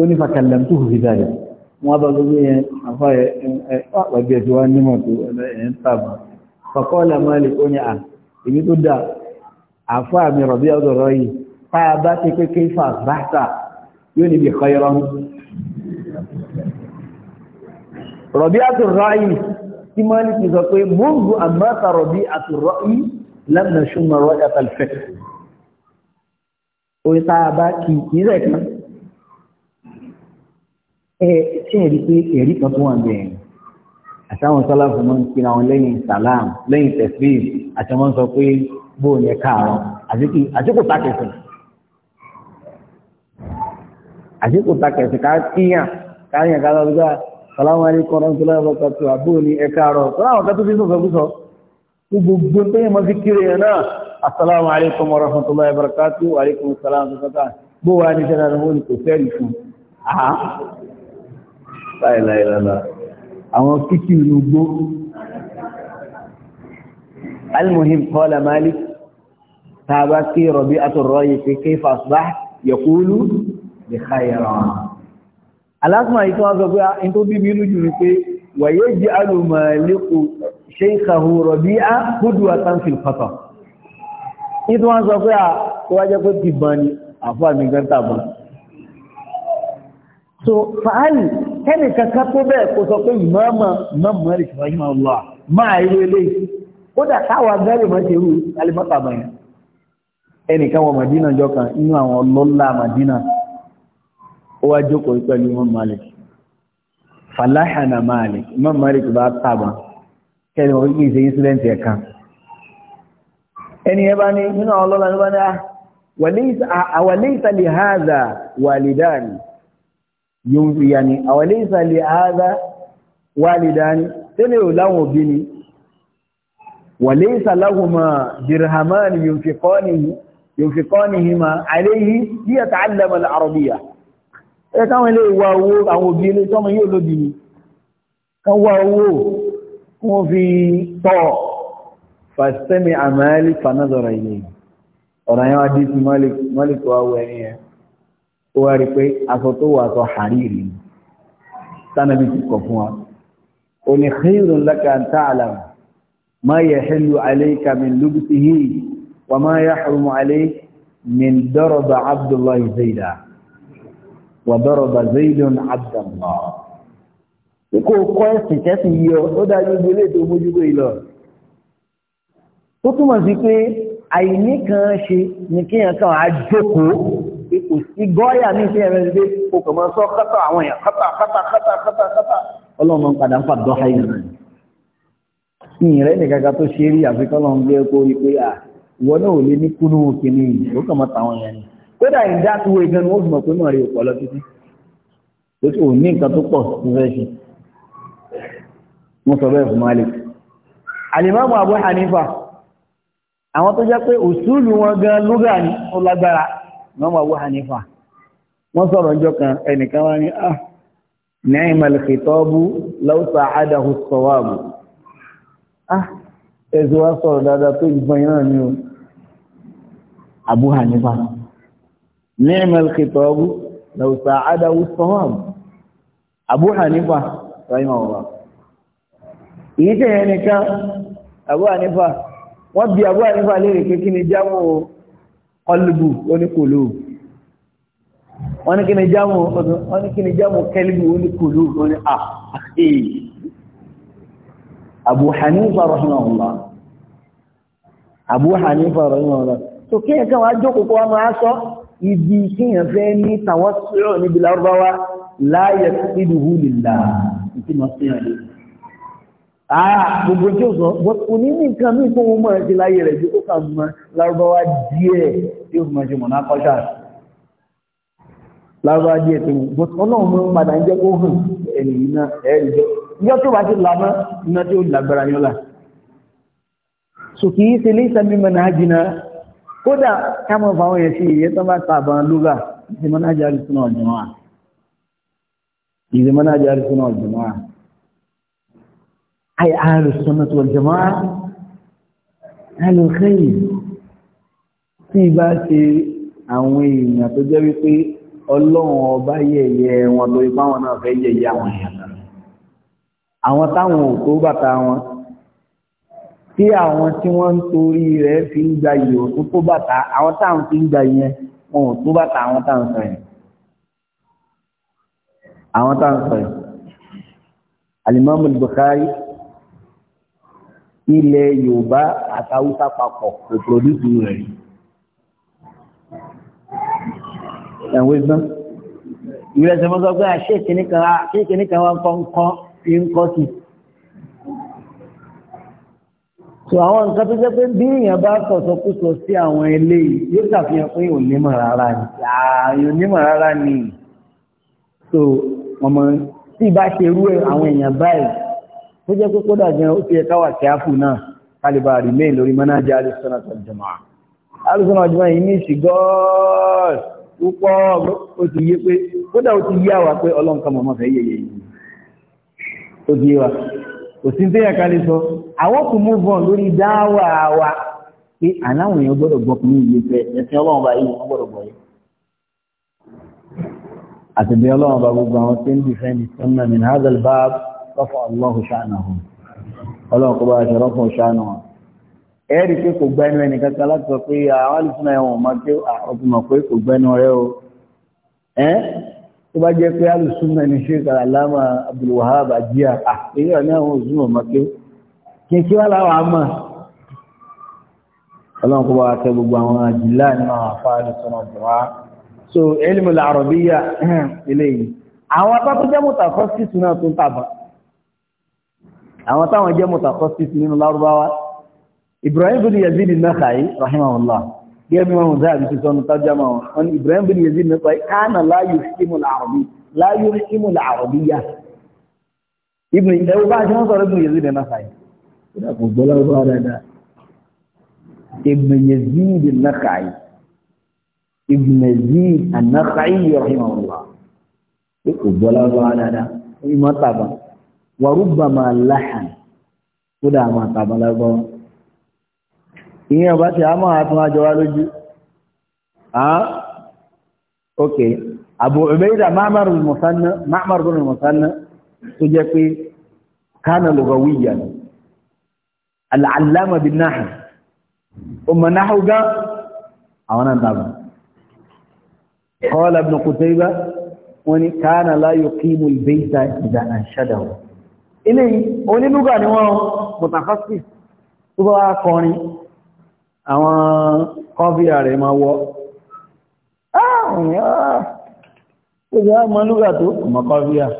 ó ní fàkàlàm tó fi dáre wọ́n bá gbogbo yẹn àfáà ẹ̀ ẹ̀ ẹ̀ fọ̀kọ́lá mọ́lì ó ní à èyí tó dà àfọ́ àmì rọ̀bí ọ̀dọ̀rọ̀ yìí tá a bá ti pé kéfà bàtà yóò níbi kọ́yọ́rọ́ rọ̀bí àtúrọ̀ yìí tí mọ́lì ti sọ pé mọ́ngù àmọ́ta rọ̀bí àtúrọ̀ yìí lẹ́nà ṣùgbọ́n rọ́jà tàlfẹ́ ẹ ṣe èrí pé èrí kan tó wà bẹ̀rẹ̀ àtàwọn sọ́láfù máa ń kíra wọn lẹ́yìn sàlám lẹ́yìn tẹ̀síìm àti wọ́n sọ pé bó yẹ káàárọ̀ àdínkù tákẹ̀sìn àdínkù tákẹ̀sìn ká kíyàn káyàn ká lọ́dọ́ sàlámù aláìkùm warahmatullahi wabarakatuh àbó ní ẹ káàárọ̀ sọ́láwọn kan tó fi sọ̀sọ̀ kú gbogbo tó yẹ mọ́ fi kiri yẹn náà assalamu alaykum warahmatullahi wabarakatuh wa alaykum assalam bó wà ní sẹ́dá àwọn kíkì inú gbó almuhim qala malik tàbá kí rọ̀bí àtọ̀rọ̀ yìí pé kí fàṣbá yẹ̀kúlù lè káyẹ̀rọ̀ alásùmá yìí tó wá sọ pé in tó bíbí inú jù ní pé wàyé jí alùmọ̀lẹ́kù ṣeéhàhù rọ̀bí á kúdù àtàǹfì pàtàkì ìtí wọ́n sọ pé àwọ́jẹ́ ah, ah, pé ti bọ̀ ni àfọ́ àmì gẹ́ntà bọ̀. so fàálì kẹ́nì kankan tó bẹ́ẹ̀ kó sọ pé ìmọ̀ọ́mọ̀ ìmọ̀ọ́mọ̀ rẹ̀ ṣùgbọ́n ìmọ̀ ọ̀la máa irú eléyìí kódà káwa gẹ́rẹ́ mọ́ ṣe rú alimọ́ta bẹ̀yẹn ẹnìkan wọ Màdínà jọ kan inú àwọn ọlọ́lá Màdínà ó wá jókòó pẹ̀lú Imam Malik falahana Malik Imam Malik bá tàbá kẹ́ni wọ́n kí n ṣe incident ẹ̀ kan ẹni ẹ bá ní nínú àwọn ọlọ́lá ló bá ní àwàlẹ́ ìtàlẹ̀ hàzà wàlìdáàni yunfiyani àwọ̀lẹ́sà lè àádá wálìdáni tẹ́lẹ̀ ò láwọn òbí ni wàlẹ́sà láhùmà dirhamani yunfikọ́nihì ma aléyí bí a tààlàmà al'arabiya ẹ e káwọn ilé wa owó àwọn òbí ilé kan wa owó fi tọ́ fàstẹ́mi àmàlì fanazọ̀rọ̀ ilé ọ̀rọ̀ yẹn wá dí sí mọ́lìkọ̀ àwọ̀ ó wá rí pé aṣọ tó wà aṣọ hàríìrì ni sánàbí ti kọ̀ fún wa ó ní khairun laka an ta'lam ma yahillu alayka min lubsihi wa ma yahrumu alayka min daraba abdullahi zaida wa daraba zaidun abdullah yìí ọ ó dájú ilé tó mójútó ìlọ tó túmọ̀ sí pé àìní kan ni kíyàn kan á jókòó pé kò sí gọ́ọ̀yà ní ìṣẹ́ ẹ̀rẹ́ ìgbé o máa sọ kátà àwọn èèyàn kátà kátà kátà kátà kátà ọlọ́run máa ń padà ń fà dọ́ ni ìyìn rẹ̀ nìkankan tó ṣe rí àfikọ́ lọ́n gbé kó rí pé ìwọ náà ò lè ní kúnú òkè ní ìyìn ó kàn máa tàwọn èèyàn ni kódà ìdá tó wé gan ni wọ́n fi mọ̀ pé mọ̀ rí òpó lọ títí ó sì ò ní nǹkan tó pọ̀ tó fẹ́ ṣe wọ́n sọ bẹ́ẹ̀ fún Malik Alimamu Hanifa àwọn tó jẹ́ pé òṣùlù wọn gan lúgà ni ó lágbára mọ́mọ́ Abu Hanifa wọ́n sọ̀rọ̀ ọjọ́ kan ẹnìkan wá ní ah ni'mal khitabu law sa'adahu as-sawabu ah ẹ̀sùn wá sọ̀rọ̀ dáadáa tó ìbọn iná ni o Abu Hanifa ni'mal khitabu law sa'adahu as-sawabu Abu Hanifa rahimahullah ìyí tẹ̀yẹ nìkan Abu Hanifa wọ́n bi Abu Hanifa léèrè kékeré jáwọ́ o kọlùbù oníkòlò wọ́n ní kí ni jámù wọ́n ní kí ni jámù kẹlùbù oníkòlò wọ́n ní ah, àkàkì Abu Hanifa rahimahullah Abu Hanifa rahimahullah so kí ẹ̀kan wá jókòó kọ́ ọmọ aṣọ ibi kí èèyàn fẹ́ ní tàwọn sọ́rọ̀ níbi lárúbáwá láyẹ̀ sídùú lìlà ìtìmọ̀ sí ọ̀lẹ́ Ah, gbogbo tí ó sọ, but onímì mí fún ọmọ ẹ̀ rẹ̀ jù yóò fi mọ̀ ṣe mọ̀nà kọ́ṣà lára díẹ̀ tó but ọlọ́run mọ́ padà ń jẹ́ kó hàn ẹni iná ẹ̀rì jẹ́ yọ́ tó bá ti lámọ́ iná tí ó lágbára yọ́lá so kì í ṣe lè sẹ́mi mọ̀nà jìnà kódà kámọ̀ fáwọn yẹn sí ìyẹ́ tó bá ta àbọn tí ìbá ṣe àwọn èèyàn tó jẹ́ wípé ọlọ́run ọba yẹ̀yẹ wọn tó ipá wọn náà fẹ́ yẹ̀yẹ àwọn èèyàn náà àwọn táwọn ò tó bàtà wọn tí àwọn tí wọ́n ń torí rẹ̀ fi ń gba yìí ò tó tó bàtà àwọn táwọn fi ń gba yẹn wọn ò tó bàtà àwọn táwọn sọ yẹn àwọn táwọn sọ yẹn alimami Bukhari ilẹ̀ Yorùbá àtàwùsá papọ̀ kò pòdúsù rẹ̀ yìí. and wisdom. Ìwé ẹsẹ̀ mọ́sọ́ pé àṣé ìkíní kan wá ń kọ́ ń kọ́ fi ń kọ́ sí. So àwọn nǹkan tó jẹ́ pé bí èèyàn bá sọ̀sọ̀ kú sọ sí àwọn eléyìí yóò ṣàfihàn pé ò nímọ̀ rárá ni. Ààyò nímọ̀ rárá ni. So ọmọ tí ìbá ṣe irú àwọn èèyàn báyìí tó jẹ́ pé kódà gan ó ti ẹ̀ka wà kíáfù náà kálíbà rìmẹ́ìn lórí mọ́nájà alùsọ̀nà tọ̀jọ̀mọ́. Alùsọ̀nà tọ̀jọ̀mọ́ yìí ní ìṣìgọ́ọ̀sì. púpọ̀ ó otu yé pé kódà ó ti yé àwà pé ọlọ́nkan mọ̀mọ́ fẹ́ yẹ̀yẹ̀ yìí yé wa kò tí sọ àwọn kò mú bọ̀ lórí dáwà wa pé àláwọn èèyàn gbọ́dọ̀ gbọ́ fún ìlú fẹ́ ọlọ́run bá yìí wọ́n gbọ́dọ̀ gbọ́ àti bí ọlọ́run bá gbogbo àwọn tí ń bí ẹ̀rí pé kò gba ẹnu ẹnìkan kan láti sọ pé ah, àwọn àlùfáà ẹ̀wọ̀n ọ̀ma pé ah, ọ̀tún mọ̀ pé kò gba ẹnu rẹ o ẹ́ tó bá jẹ́ pé àlùfáà ẹni ṣe kàrà láàmà Abdul Wahab àjíyà àpèyí ah, ọ̀ní àwọn òṣùn ọ̀ma pé kí n kí wá láwọn àmà ọlọ́run kó bá wa tẹ gbogbo àwọn àjìlá nínú àwọn afá àlùfáà ọ̀tún so ilmu al-arabiyya eléyìí àwọn atọ́tọ́ jẹ́ mùtàkọ́sítì náà tó ń tàbá àwọn táwọn jẹ́ mùtàkọ́sítì nínú lárúbáwá Ibrahim bin Yazid an-Nakhai rahimahullah gẹ́gẹ́ bí wọn dáa bíi sọ́nù tájámà wọn ni Ibrahim bin Yazid an-Nakhai kánà la yuhkimu al-Arabi la yuhkimu al-Arabiyya ibùn ẹ̀wọ́ bá ṣe wọ́n sọ̀rọ̀ ibùn Yazid an-Nakhai ìdá kò gbọ́lá ọgbà dáadáa ibùn Yazid an-Nakhai ibùn Yazid an-Nakhai rahimahullah kò gbọ́lá ọgbà dáadáa ìmọ̀ tàbá wàrúbàmà láhàn kódà àmà tàbá lágbọ́n ìyẹn ọba ti àmọ́ àtún àjọwá lójú ok Abu Ubaida Ma'mar al-Musanna Ma'mar bin al-Musanna tó jẹ́ pé kánà lugawiyyan al-allama bin-nahw ọmọ náà gá àwọn náà dábà qala ibn Qutaybah wọ́n ni kánà la yuqimu al-bayta idha anshadahu àwọn kọ́fíà rẹ̀ máa wọ́ ah, ah.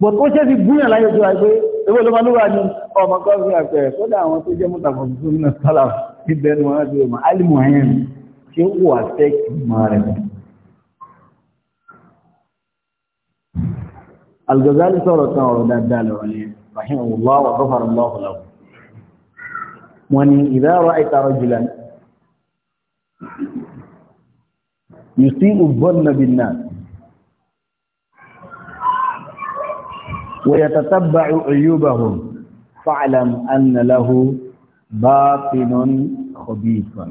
bọ̀tọ́ ṣe fi gúnyàn láyé tó àgbé ewé ló máa lúwà ní ọmọ kọ́fí àpẹẹrẹ sódà àwọn tó jẹ́ mọ́tàkùn tó nínú sálà ìbẹ̀nu wọn ti ọmọ alìmọ̀ ẹ̀yìn tí ó wà tẹ́kì mọ́ rẹ̀ Al-Ghazali sọ̀rọ̀ kan ọ̀rọ̀ dáadáa lọ́rọ̀ ní rahimahullah wa ghafara Allahu wọ́n ní idha ra'ayta rajulan yusi'u dhanna bin-nas wa yatatabba'u 'uyubahum fa'lam anna lahu bátinun khabithun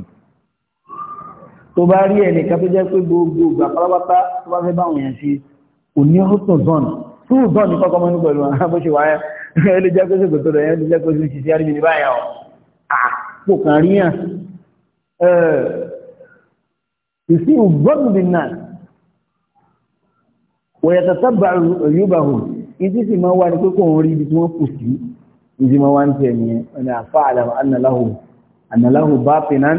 tó bá rí ẹnìkan tó jẹ́ pé gbogbo ìgbà pálápátá tó bá fẹ́ báwọn yẹn ṣe òní ọ̀tọ̀ zọ́nà tó zọ́nà kọ́kọ́ mọ́ ní pẹ̀lú àwọn bó ṣe wáyé ẹlẹ́jẹ́ kó sì kò tó rẹ̀ ẹlẹ́jẹ́ kó sì ń ṣiṣẹ́ àríbi ní báyà ọ̀ pò kàn ríyàn ìsí ìgbọ́gbìn náà wọ̀yẹ̀tà sábà yóbáhùn ìdí sì máa wá ní pé kò ń rí ibi tí wọ́n kù sí ìdí máa wá ń tẹ̀ ní ẹni àfá àlàmà annaláhù annaláhù bá finan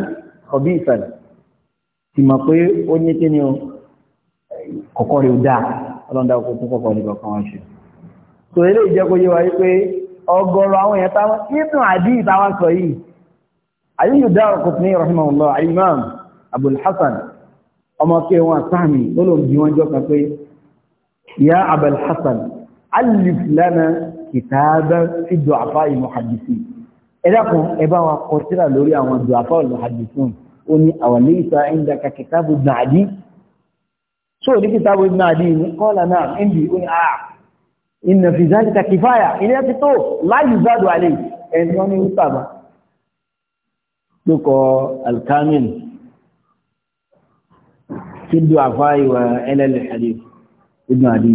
ọbí ìsàlẹ̀ ti mọ̀ pé ó ní kí ni ó kọ̀kọ́ rí dáa ọlọ́ndà kò tún kọ̀kọ́ rí kọ̀kọ́ wọn ṣe so eléyìí jẹ́ kó yé wa wípé ọgọ́rọ̀ àwọn èèyàn táwọn nínú àdí ìtàwọn sọ yìí Àyíyù dára kò ní rahimahullah Imam Abul Hassan, ọmọ kí wọn sáàmì lọ́lọ́ bí wọ́n jọ kan pé, Ya Abul Hassan, Alif lana kìtàbà sí du'afa al-muhaddisin. Ẹdàkùn ẹbá wa kọ tírà lórí àwọn du'afa muhaddisin ó ní indaka kìtàbù Nàdí. So ní kìtàbù Nàdí ní kọ́lá náà, indi ó ní ah, inna fi zalika kifaya, ilé ti la yuzadu alayhi, ẹni wọ́n ní ló kọ alkamin tí du àfáàyè wà ẹlẹ́lẹ̀ hadith ibn adi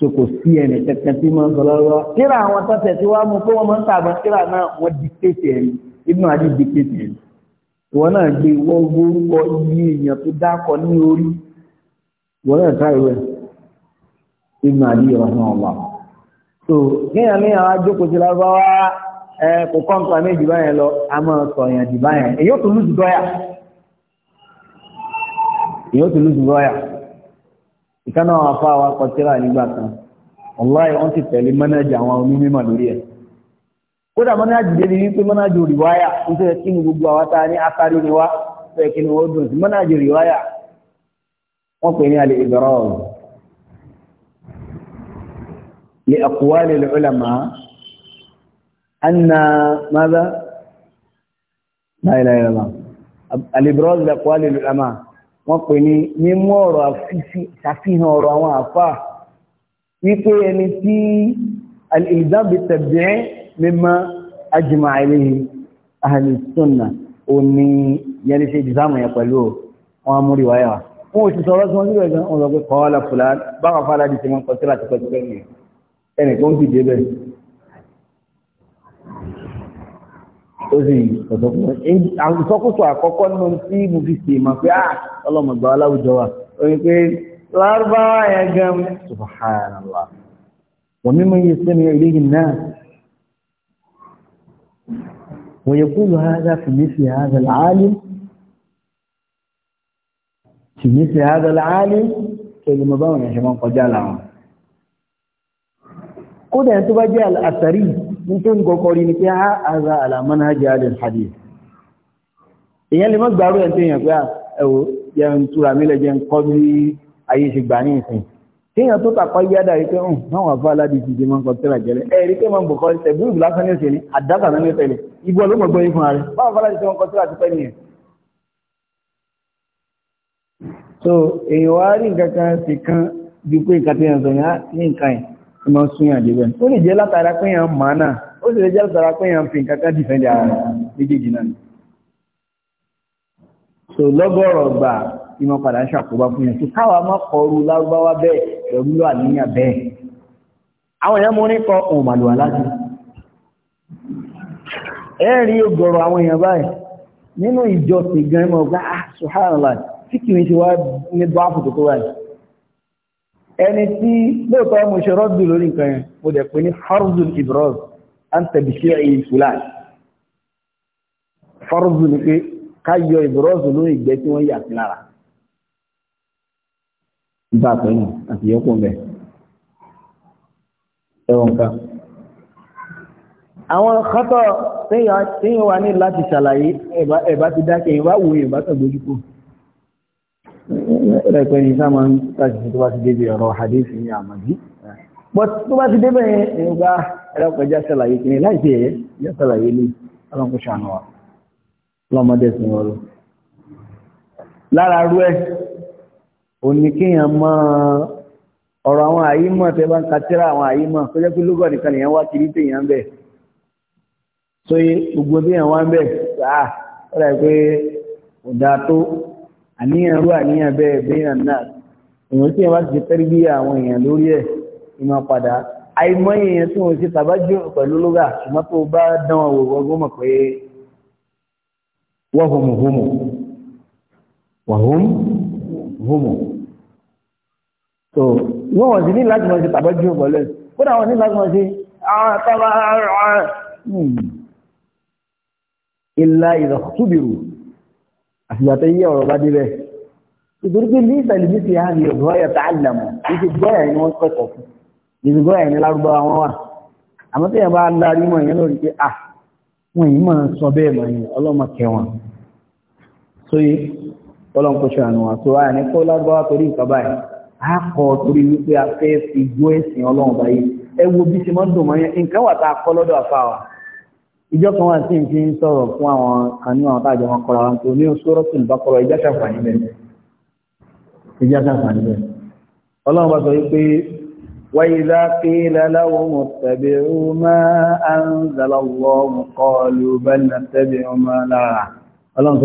so kò sí ẹni kankan tí máa ń sọlọ lọ kíra àwọn tọ́tẹ̀ tí wàá mú kó wọ́n máa ń tàbọ̀ kíra náà wọ́n dictate ẹni ibn adi dictate ẹni ìwọ náà gbé wọ́n gbórúkọ iye èèyàn tó dákọ ní orí ìwọ náà tá ìwé ibn adi rahman allah so kéèyàn ní àwọn ajókòó ti ẹ kò kọ́ǹpa méjì báyẹn lọ a máa sọ èèyàn jù báyẹn èyí ó tún lùdù gọ́yà èyí ó tún lùdù gọ́yà ìkànnà àwọn afọ àwọn akọtẹ́rà nígbà kan ọláì wọn ti tẹ̀lé mọ́nájà àwọn onímọ̀ lórí ẹ̀ kódà mọ́nájà débi wípé mọ́nájà òrìwáyà nítorí kí ni gbogbo àwọn tá a akárí ni wá fẹ́ kí ni wọ́n dùn sí wọ́n pè أن ماذا لا إله إلا الله الإبراز لأقوال العلماء wọ́n pè ní mímú ọ̀rọ̀ àfihàn ọ̀rọ̀ àwọn àfáà wípé ẹni tí alìdábi tẹ̀bẹ̀ mímọ́ ajìmọ̀ àìlèyìn ahàlìsọ́nà ò ní yẹni ṣe ìdìsáàmù yẹn pẹ̀lú wọn múrí wáyà wọn ò sì sọ̀rọ̀ tí wọ́n sí ẹ̀gbọ́n ọ̀rọ̀ pé kọ́ọ́lá fúlá báwọn fàlàdì ti mọ́ kọ́ sí láti pẹ́ ó sì ọ̀sọ̀kùn ìsọkúsọ àkọ́kọ́ nínú tí mo fi ṣe mọ̀ pé ah, ọlọ́mọgbà aláwùjọ wa ó ní pé lárúbá yẹn gan subhanallah wọ́n mímú yìí sẹ́mi ìléyìn náà wọ́n yẹ kúlù hádà fìmísì hádà láàálì fìmísì hádà láàálì kẹlẹ̀ mọ̀ báwọn yẹn ṣe máa ń kọjá làwọn kódà tó bá jẹ́ àtàrí nítorí kọ́kọ́ rí ní pé a àrà àlàmọ́nà jẹ́ hadith èyàn lè mọ́ gbàrú ẹ̀ tẹ́yàn pé ẹ̀wò jẹun túra mílẹ̀ jẹun kọ́ bí ayé ṣe gbà ní ìsìn téèyàn tó tàpá yádà rí pé ń náwọn afọ aládìí ti di máa ń kọ tẹ́lá jẹ́lẹ̀ ẹ̀ rí pé máa ń bọ̀ kọ́ ṣe bí ìbùlá sani ṣe ni àdáta náà ní tẹ̀lé ibu ọlọ́mọ gbọ́ yín fún ààrẹ báwọn afọ aládìí ti wọn kọ tẹ́lá ti tí wọ́n súnyàn jẹ́gbẹ́ ó lè jẹ́ látara pé yàn máa náà ó sì lè jẹ́ látara pé yàn fi nǹkan kan dìfẹ́ndì ara méjèèjì náà ni so lọ́gọ́rọ̀ gbà tí wọ́n padà ń ṣàkóbá fún yàn tó káwa má kọrú lárúbáwá bẹ́ẹ̀ pẹ̀lú lọ àníyàn bẹ́ẹ̀ àwọn èèyàn mú ní kọ ohun màlúwà láti ẹ rí ọ̀gọ̀rọ̀ àwọn èèyàn báyìí nínú ìjọsìn gan mọ̀ gbá ah subhanallah tí kìí ṣe wá ní bá fòtò tó wáyìí ẹni tí lóòtọ́ mo ṣe rọ́dù lórí nǹkan yẹn mo dẹ̀ pé ní farzul ibroz antẹ̀bìṣẹ́ ẹ̀yìn fulan farzul ni pé ká yọ ibroz lórí ìgbẹ́ tí wọ́n yà sí lára nígbà àtọ́yìn àti yọkùn bẹ́ẹ̀ ẹwọ̀n kan àwọn kọ́tọ̀ téèyàn wà ní láti ṣàlàyé ẹ̀bá ti dákẹ́ ìwáwò ìbátàgbójúkú rẹ̀pẹ́ ní sáà máa ń tàṣìṣe tó bá ti débi ọ̀rọ̀ hadithi ní àmàjí but tó bá ti débẹ̀ nígbà ẹ̀rọ̀pẹ́ já sàlàyé kìíní láìsí ẹ̀yẹ já sàlàyé ní ọlọ́nkú ṣàánú wa lọ́mọdé sí wọn lọ lára rú ẹ òní kíyàn mọ ọ̀rọ̀ àwọn àyímọ̀ tẹ bá ń katira àwọn àyímọ̀ tó jẹ́ pé lúgọ̀ àníyàn rú àníyàn bẹ́ẹ̀ bẹ́yàn náà èèyàn tí wọ́n bá ti tẹ́rí bí àwọn èèyàn lórí ẹ̀ ìmọ̀ padà àìmọye èèyàn tí wọ́n ti tàbájú pẹ̀lú lóga ṣùgbọ́n tó bá dán wò wọ́n mọ̀ pé wọ́n hùmù hùmù wọ́n hùmù hùmù so wọ́n wọ́n ti ní láti mọ̀ sí tàbájú pẹ̀lú ẹ̀ kódà wọ́n ní láti mọ̀ sí àwọn àtàwọn ilá ìrọ̀kúbìrù àtìgbàtẹ́ yí ọrụba bá débẹ̀ nítorí pé ní ìsàlẹ̀ ní ti hàn ní ọ̀dọ́ ẹ̀ta àlàmù níbi gbọ́yà ni wọ́n pẹ̀tọ̀ fún níbi ni lárúbáwá wọn wà àmọ́ tẹ́yà bá larí mọ̀ yẹn lórí pé ah, yìí máa sọ yẹn kẹwọn àná wa ní kó lárúbáwá torí nǹkan báyìí torí wípé a fẹ́ fi gbọ́ ẹ̀sìn ọlọ́run báyìí ẹ wo bí ṣe máa ń dùn mọ́ yẹn nǹkan wà tá a kọ́ lọ́dọ̀ àfa wa ìjọ kan wà sí ìfi ń sọ̀rọ̀ fún àwọn kanú àwọn tájọ wọn kọ́ra wọn tó ní Suratul Baqara ìjà sàǹfààní bẹ́ẹ̀ ìjà sàǹfààní bẹ́ẹ̀ ọlọ́run bá sọ wípé وإذا قيل لهم اتبعوا ما أنزل الله قالوا بل نتبع ما نرى ọlọ́run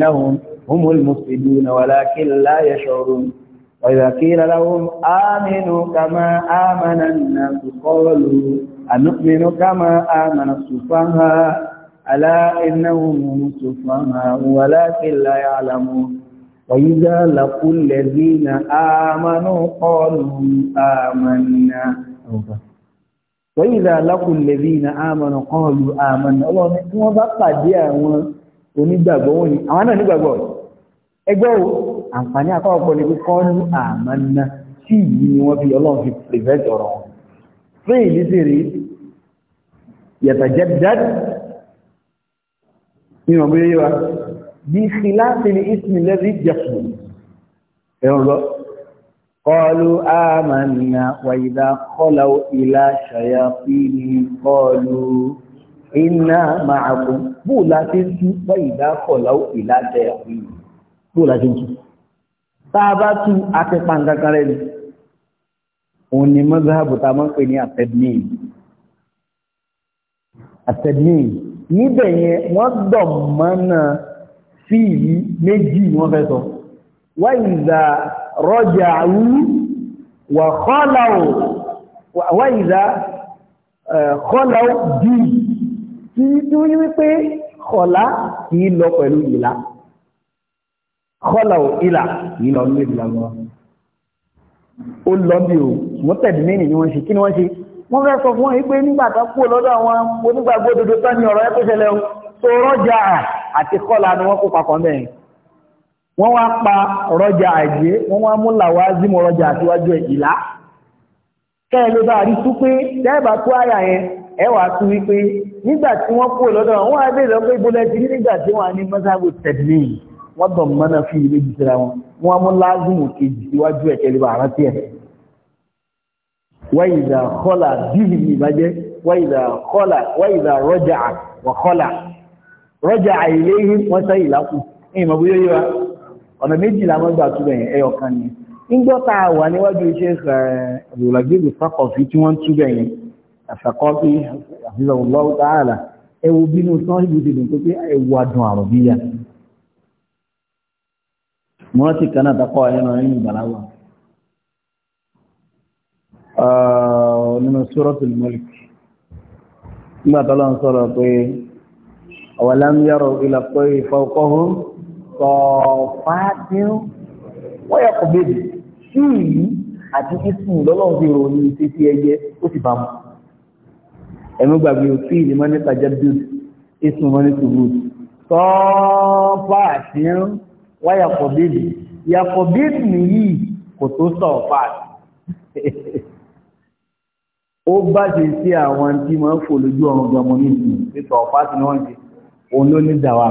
sọ هم المفسدون ولكن لا يشعرون وإذا قيل لهم آمنوا كما آمن الناس قالوا أنؤمن كما آمن السفهاء ألا إنهم سفهاء ولكن لا يعلمون وإذا لقوا الذين آمنوا قالوا آمنا وإذا لقوا الذين آمنوا قالوا آمنا الله ni wọ́n bá pàdé àwọn onígbàgbọ́ wọn ni àwọn ẹgbẹ́ o àǹfààní àkọ́kọ́ ni pé kọ́ọ̀lù àmánà tí yìí ni wọ́n fi ọlọ́run fi prevent ọ̀rọ̀ wọn fún ìlú sí rí yàtàjẹ́ dáàdì nínú ọmọ yẹyẹ wa bí khilafi ní ismi lẹ́rí jẹ́fù ẹ̀rọ lọ kọ́ọ̀lù àmánà wàyídá kọ́láwó ìlà ṣàyàfínì kọ́ọ̀lù iná máa kún bóòlá tí ń tú wàyídá kọ́láwó ìlà bóò láti ń tu tá a bá tu akẹ́pà nǹkan rẹ̀ ni òun ni mọ́gáàbù tá a máa ń pè ní àtẹ̀dínìí àtẹ̀dínìí níbẹ̀ yẹn wọ́n dọ̀ mọ́nà sí yìí méjì wọ́n fẹ́ sọ wáyìdà rọ́jà wú wà kọ́láwò wáyìdà kọ́láwò dì tí tó yí wípé kọ̀lá kìí lọ pẹ̀lú ìlà kọ́làwò ìlà nílọ nílùú lọ́wọ́ ó lọ bí o wọ́n tẹ̀lé mẹ́rin ni wọ́n ṣe kí ni wọ́n ṣe wọ́n fẹ́ sọ fún wọn pé nígbà tó kú lọ́dọ̀ àwọn onígbàgbọ́ òdodo tán ní ọ̀rọ̀ ẹ̀ tó o tó rọ́jà àti kọ́là ni wọ́n kó papọ̀ mẹ́rin wọ́n wá pa rọ́jà àjẹ́ wọ́n wá mú làwá zimu rọ́jà àtiwájú ẹ̀ ìlà kẹ́ẹ̀ ló bá rí tú pé dẹ́ẹ̀bà tó àyà yẹn ẹ wàá tú wípé nígbà tí wọ́n kú lọ́dọ̀ wọn wá bèèrè lọ pé ibo lẹ́tí nígbà tí wọ́n á ní mọ́sáàbò tẹ̀lé yìí wọ́n dọ̀ mọ́nà fi ilé jù síra wọn wọ́n mú láàzùmù kejì síwájú ẹ̀kẹ́lẹ́ bá rántí ẹ̀ wáyìdà kọ́là bíbí ní ìbàjẹ́ wáyìdà kọ́là wáyìdà rọ́jà wà kọ́là rọ́jà àìléyìn wọ́n sáyì lákù ẹ̀yìn mọ̀ bóyá yíwa ọ̀nà méjì làwọn gbà tó bẹ̀yẹn ẹyọ kan ni ńgbọ́ ta wà níwájú iṣẹ́ ìrọ̀lágbègbè fákọ̀fì tí wọ́n tú bẹ̀yẹn àfẹ́kọ́fì àfihàn lọ́wọ́ tààlà ẹwọ bínú sọ́ọ́ ibùdó tó pé ẹwọ adùn àrùn bíyà wọ́n ti kaná takọ́ ẹnu ẹ̀yìn ìgbàláwà nínú suratul mulk nígbàtọ́lọ́ ń sọ̀rọ̀ pé awalam yaru ila tayri fawqahum saffatin wa yaqbid sí ìlú àti ìsù lọ́lọ́run fi ròyìn títí ẹyẹ ó sì bá mu ẹ̀mí gbàgbé òfin ìdí mọ́nítà jẹ́ dùd ìsù mọ́nítà rúd sọ́ọ́fà àti wọ́n yàkọ̀ bíbí yàkọ̀ bíbí yìí kò tó sọ̀rọ̀ fáàtì ó bá ṣe sí àwọn tí wọ́n fò lójú ọ̀run gbọmọ ní ìsìn nípa ọ̀pá tí wọ́n ṣe òun ló ní dàwà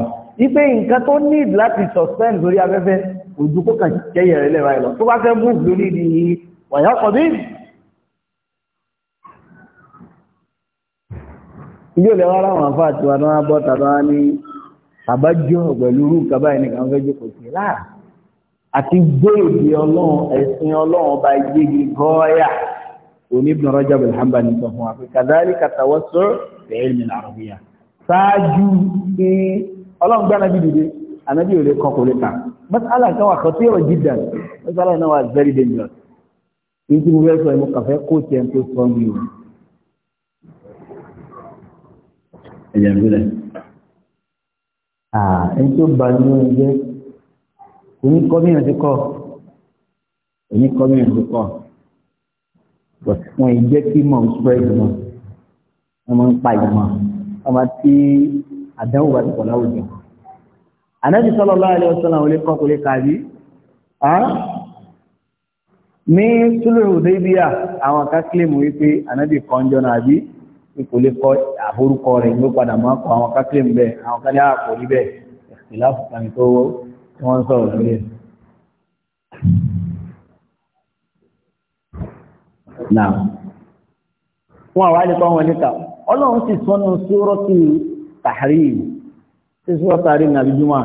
ipe nǹkan tó ní láti suspend lórí afẹ́fẹ́ ojú kó kàn kẹ́yẹ̀ rẹ̀ lẹ́ra ìlọ tó bá fẹ́ move lórí ní wàyà kọ̀dí ilé ìlẹ́wà láwọn àfáà tí wọ́n bọ́ tàbí wọ́n ní àbájọ pẹ̀lú irú nǹkan báyìí nìkan fẹ́ jókòó sí láà àti gbé èdè ọlọ́run ẹ̀sìn ọlọ́run ọba yégi gọ́ọ́yà òní Ibn Rajab al-Hanbali nìkan fún wa pé kadhalika tawassul fi ilmi al-arabiyya ṣáájú pé ọlọ́run gbá nàbí dìde ànábì òde kọ́ kò lè kà mas'ala kan wà kọ́tí ọ̀rọ̀ jiddan mas'ala náà wà very dangerous ní tí mo fẹ́ sọ ìmú kàfẹ́ kó tiẹ̀ tó sọ mi o. ẹ̀yẹ̀ ń gbé lẹ́yìn ẹni tó bá ní oúnjẹ èmi kọ́ mìíràn ti kọ́ èmi kọ́ mìíràn ti kọ́ wọ́n yìí kí mọ̀ ń spread mọ̀ wọ́n máa ń pa ìmọ̀ ọmọ tí àdánwò bá ti pọ̀ láwùjọ. Ànábì sallallahu alaihi wasallam àwọn olè kọ́ kò lè kàbí ní Sulhu Hudaybiyah àwọn akásílẹ̀ mú wípé ànábì kan jọ náà bí kò lè kọ àforúkọ rẹ̀ ló padà máa kọ àwọn kákìlìm bẹ́ẹ̀ àwọn kan ní àpò rí bẹ́ẹ̀ ìlàfù kan tó tí wọ́n ń sọ̀rọ̀ lórí ẹ̀. Nàà wọn àwa lè kọ́ wọn níta ọlọ́run sì sọnù sórọ́tì Tahrim sí sórọ́tì Tahrim nàbí jùmọ̀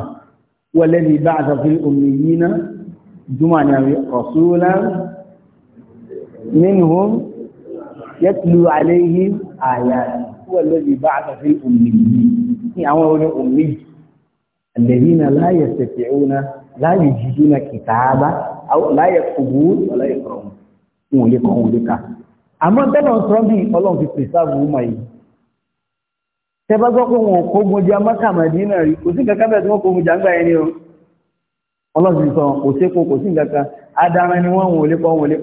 wọlé ní bá àtàkùn omi yìí ná ní àwọn rọ̀ṣúlá nínú yatlu ala ihe a alladhi ba'atha fil ummiyyin ni àwọn oni ummi alladhina la yastati'una la yajiduna kitaba aw la yaktubun wa la yaqra'un wọ́n lè ko wọ́n lè ka àmọ́ tẹ́lọ̀ ń sọ́rọ́ bí ọlọ́run fi pèsàbù ọmọ yìí tẹ́ gbọ́ pé wọn kó gbọ́jà Mákà Mẹdínà rí kò sí kankan tí wọ́n kó o ọlọ́run ti sọ kò sí kò kò sí ka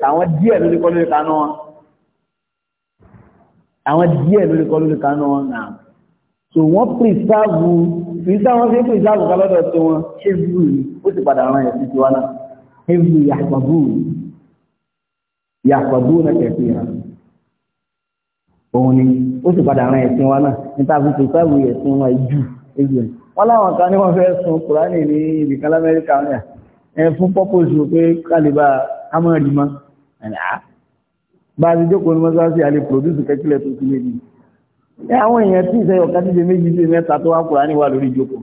àwọn díẹ̀ ló kọ́ àwọn díẹ̀ lórí kọ lórí kanú wọn náà so wọ́n pìrìsáàbù pìrìsáàbù wọn fi pìrìsáàbù kálọ́dọ̀ tó wọn ṣébù ó sì padà rán ẹ̀sìn tiwa náà ṣébù yàgbàbù yàgbàbù náà kẹ̀kẹ́ yàrá òun ni ó sì padà rán ẹ̀sìn wa náà níta fi pìrìsáàbù ẹ̀sìn wa jù ẹ̀sìn wọn láwọn kan ní wọ́n fẹ́ sun kùránì ní ibìkan lamẹ́ríkà wọn yà ẹ fún pọ́pọ́sù pé kálíbà kámọ́rì mọ́ ẹ̀ bá a ti jókòó ní mọ́sáàsì a lè pòdúsù kẹ́kílẹ̀ tó ti méjì ní àwọn èèyàn tí ìṣẹ́ ọ̀ká ti ṣe méjì sí mẹ́ta tó wá Kùránì wà lórí ìjókòó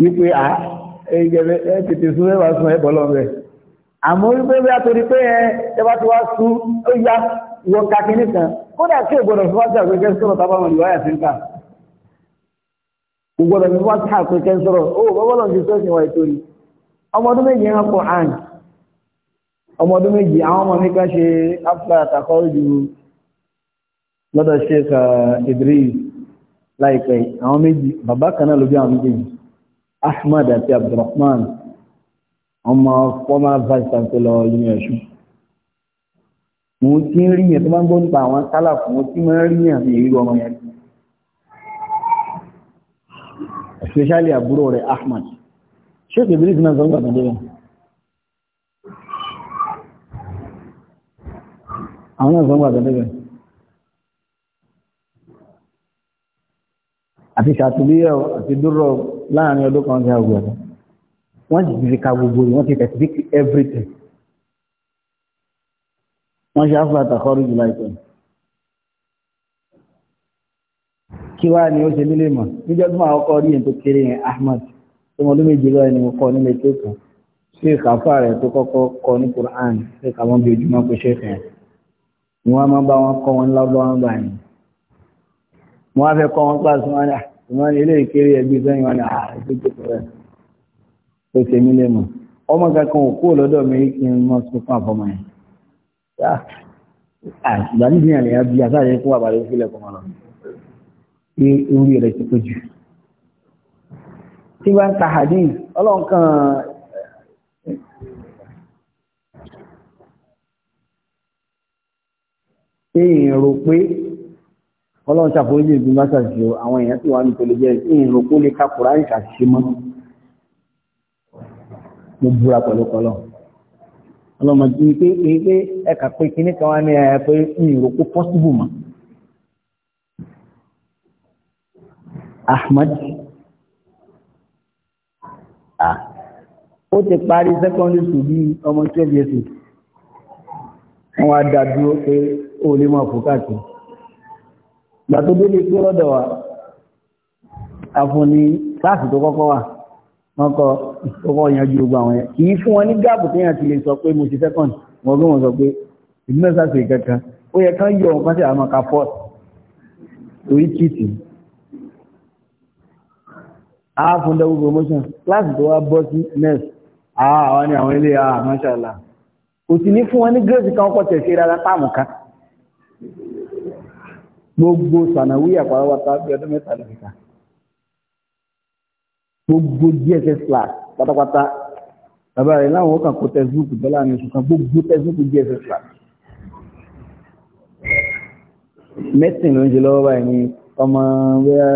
wípé a ẹ tètè sún ẹ wá sún ẹ bọ́lọ́ rẹ̀ àmọ́ wípé bí a torí pé ẹ ẹ bá ti wá sún ó yá wọ kakínní kan kódà kí o gbọdọ̀ fífá sí àpẹkẹ sọ̀rọ̀ tábà wọn ìwáyà sí ká o gbọdọ̀ fífá sí àpẹkẹ sọ̀rọ̀ ó bọ́bọ́lọ́ ti sọ́ọ̀sì wa ìtòrí ọmọ ọdún méje ń hàn Kùránì ọmọ ọdún méjì àwọn ọmọ mi kan ṣe afla àtàkọ́rọ̀jù lọ́dọ̀ sheikh uh, idris láìpẹ́ àwọn méjì bàbá kan náà ló bí àwọn méjèèjì ahmad àti abdulrahman ọmọ former vice chancellor union mo ti ń rí yẹn tó máa ń gbọ́ àwọn sálàfù mo ti máa ń rí yẹn àti ìrírí ọmọ yẹn especially àbúrò rẹ̀ ahmad sheikh idris náà sọ ń gbàgbọ́n dé yẹn. àwọn náà sọ́gbà tẹ́lẹ̀gbẹ̀ àti ṣàtúbíyẹ̀ àti dúró láàrin ọdún kan sí àgbẹ̀ ọ̀dọ́ wọ́n ti fi ka gbogbo rẹ̀ wọ́n ti tẹ̀sí everything wọ́n ṣe áfúrà tàkọ́rù jùlọ ìtọ́ kí wá ni ó ṣe nílé mọ̀ níjọ́ tó máa kọ́ rí tó kéré yẹn Ahmad tó mọ ọdún méje lọ́yẹ̀ ni mo kọ́ nílé tó kàn ṣé ìkàfà rẹ̀ tó kọ́kọ́ kọ́ ní Quran ṣé ìkàwọn bí ojúmọ́ kó ṣe fẹ́ ni wọ́n máa bá wọn kọ́ wọn lọ́gbọ́ wọn gbà yìí wọ́n á fẹ́ kọ́ wọn pàṣẹ wọn ní àwọn ilé ìkéré ẹgbẹ́ sẹ́yìn wọn ní àìsí ah, tó kọ́ rẹ̀ tó ṣe mí lé mọ̀ ọmọ kankan ò kúrò lọ́dọ̀ mi kí n mọ́ tó fún àfọmọ́ yẹn ah, ìgbà níbi yàn lèyàn bí àtàlẹ́ fún àbàlẹ́ òfìlẹ̀ kọ́ wọn lọ pé orí rẹ̀ ti pé tí wọ́n ń ta hadith ọlọ́run èèyàn rò pé ọlọ́run ṣàforíjì ìgbìmọ̀ bá ṣàṣìṣe àwọn èèyàn sì wà ní tó lè jẹ́ èèyàn rò pé ó lè ka Kùránì ṣàṣìṣe mọ́ mo búra pẹ̀lú kọlọ́ ọlọ́mọ ti ní pé èyí pé ẹ̀ka pé kíní kan wá ní ẹ̀ pé èèyàn rò pé pọ́sibù mọ́ Ahmad ah ó ti parí secondary school bí ọmọ twelve years old wọ́n wá dá dúró pé ó lè máa fò káàkiri ìgbà tó délé pé lọ́dọ̀ wa àfúnni kíláàsì tó kọ́kọ́ wà wọ́n kọ́ kọ́kọ́ yanjú gbogbo àwọn yẹn kì í fún wọn ní gáàbù tó yàn ti lè sọ pé mo ti sẹ́kọ̀ndì wọ́n gbé wọn sọ pé ìlú náà kankan ó yẹ kán yọ ọ̀kan sí àwọn kafọ́ torí kìtì ààfún double promotion class tó wá bọ́ sí nurse àwọn àwọn ilé àwọn mashallah kò sí ní fún wọn ní grace kan kọ́ tẹ̀sí rárá táàmù kan gbogbo sànàwí àpàwà tàbí ọdún mẹ́ta lọ́fíkà gbogbo dss class pátápátá bàbá rẹ̀ láwọn ọkàn kó textbook dọ́là ní oṣù kan gbogbo textbook dss class mẹ́sìn ló ń ṣe lọ́wọ́ báyìí ní ọmọ wíyá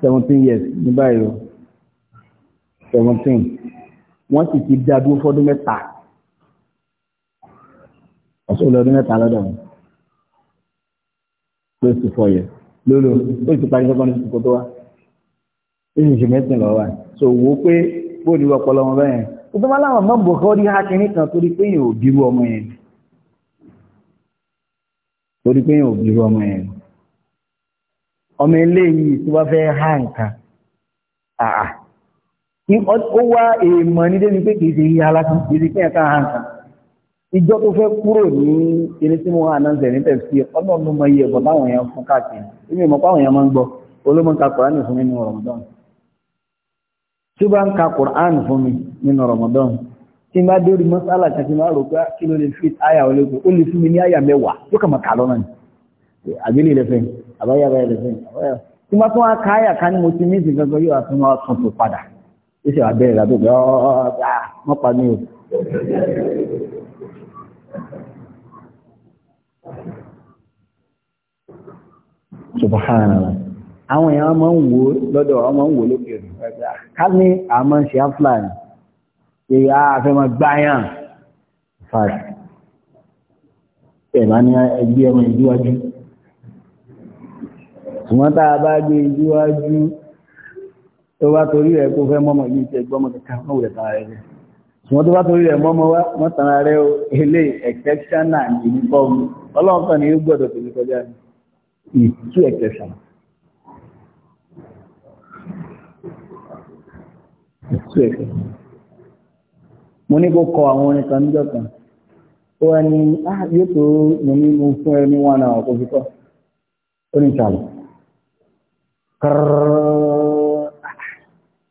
seventeen years ní báyìí o seventeen wọ́n sì ti dá dúró fọ́dún mẹ́ta ó sì lọ ọdún mẹ́ta lọ́dọ̀ mi close to four years lólo ó sì parí sẹ́kọ́ndì sí kó tó wá èyí ṣe mẹ́sìn lọ́wọ́ wa so wo pé bóòdì ọpọlọ wọn bẹ́ẹ̀ tó tó bá láwọn mọ́bò kọ́ ní hákìnní kan torí pé yẹn ò bírú ọmọ yẹn torí pé yẹn ò bírú ọmọ yẹn ọmọ eléyìí tí wọ́n fẹ́ há nǹkan ó wá èèmọ̀ ní pé kì í ṣe yí alásán kì í ṣe kí ẹ̀ka há nǹkan ìjọ tó fẹ́ kúrò ní eré tí mo hàn náà ní tẹ̀sí ọlọ́run ló mọ iye ẹ̀bọ̀ táwọn èèyàn fún káàkiri èmi mọ̀ páwọn èèyàn máa ń gbọ́ olómọ ka Kùránì fún mi nínú Ramadan tí ó bá ń ka Kùránì fún mi nínú Ramadan tí n bá dórí mọ́sálà kan tí n bá rò pé kí ló lè fi àyà ológun ó lè fún mi ní àyà mẹ́wàá yóò kàn máa kà lọ́nà ni àgbélé kan ní mo ti ní ìsìn gangan yóò tún wá tún tó padà ó sì wà subhanallah àwọn èèyàn máa ń wò lọ́dọ̀ àwọn máa ń wò lókè rẹ̀ ká ní àmọ́ ṣe áfúlà ni èyí àfẹ́ máa gbáyàn fàrà ẹ̀bá ní ẹgbẹ́ ọmọ ìdíwájú ṣùgbọ́n tá a bá gbé ìdíwájú tó bá torí rẹ̀ kó fẹ́ mọ́mọ́ yìí tẹ gbọ́mọ kankan wọ́n wùlẹ̀ tara rẹ̀ ṣùgbọ́n tó bá torí rẹ̀ mọ́mọ́ wá mọ́tara rẹ̀ ni ó gbọ́dọ̀ tòlú kọjá ni is too exceptional. Too exceptional. Mo ní kó kọ àwọn orin kan níjọ́ kan. Ó wá ní ah, yóò tó mo ní mo fún ẹ ní one hour kó fi kọ́. Ó ní ìsàlọ̀.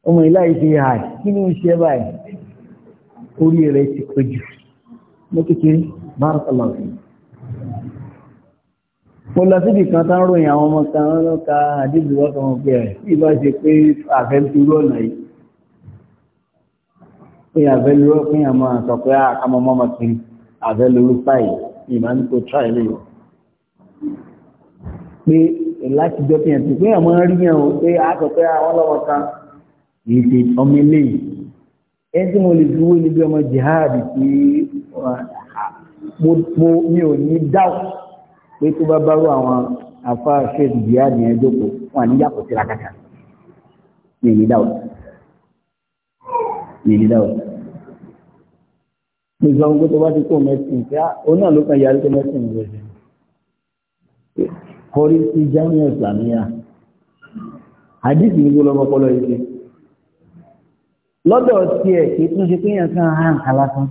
Ọmọ ìlà ìṣe hà kí ni ìṣe báyìí? Orí rẹ̀ ti pẹ́ jù. Mo kékeré, bárakà lọ́wọ́ mo lọ síbi kan tán ròyìn àwọn ọmọ kan ló ka àdìbò ọkọ̀ wọn pé ẹ̀ bí bá ṣe pé àfẹ́ dúró ọ̀nà yìí pé àfẹ́ lóró fún yàn máa sọ pé àkàmọ́ ah, mọ́mọ́ kiri àfẹ́ lóró fáì ìmọ̀ ní kò tíráì lè yọ. pé láti jọ fi hàn sí pé àwọn rí yàn ó pé a pé àwọn ah, lọ́wọ́ kan kìí ṣe ọmọ eléyìí ẹ tí mo lè dúró níbi ọmọ jihad tí mo mi ò ní dáwọ́ pé tó bá bárò àwọn afa sheikh jihad yẹn jókòó wọn àní yàtọ̀ síra kàkà ní ìlú dáwọ̀ ní ìlú dáwọ̀. mo sọ pé tó bá ti kó mẹ́sìn kí ah, òun náà ló kàn yàrá tó mẹ́sìn rẹ̀ ṣe kọrí sí jamiu islamiyah hadith ní gbọ́dọ̀ ọpọlọ yìí ṣe lọ́dọ̀ tí kì í tún ṣe pé yẹn kan hàn kálá kan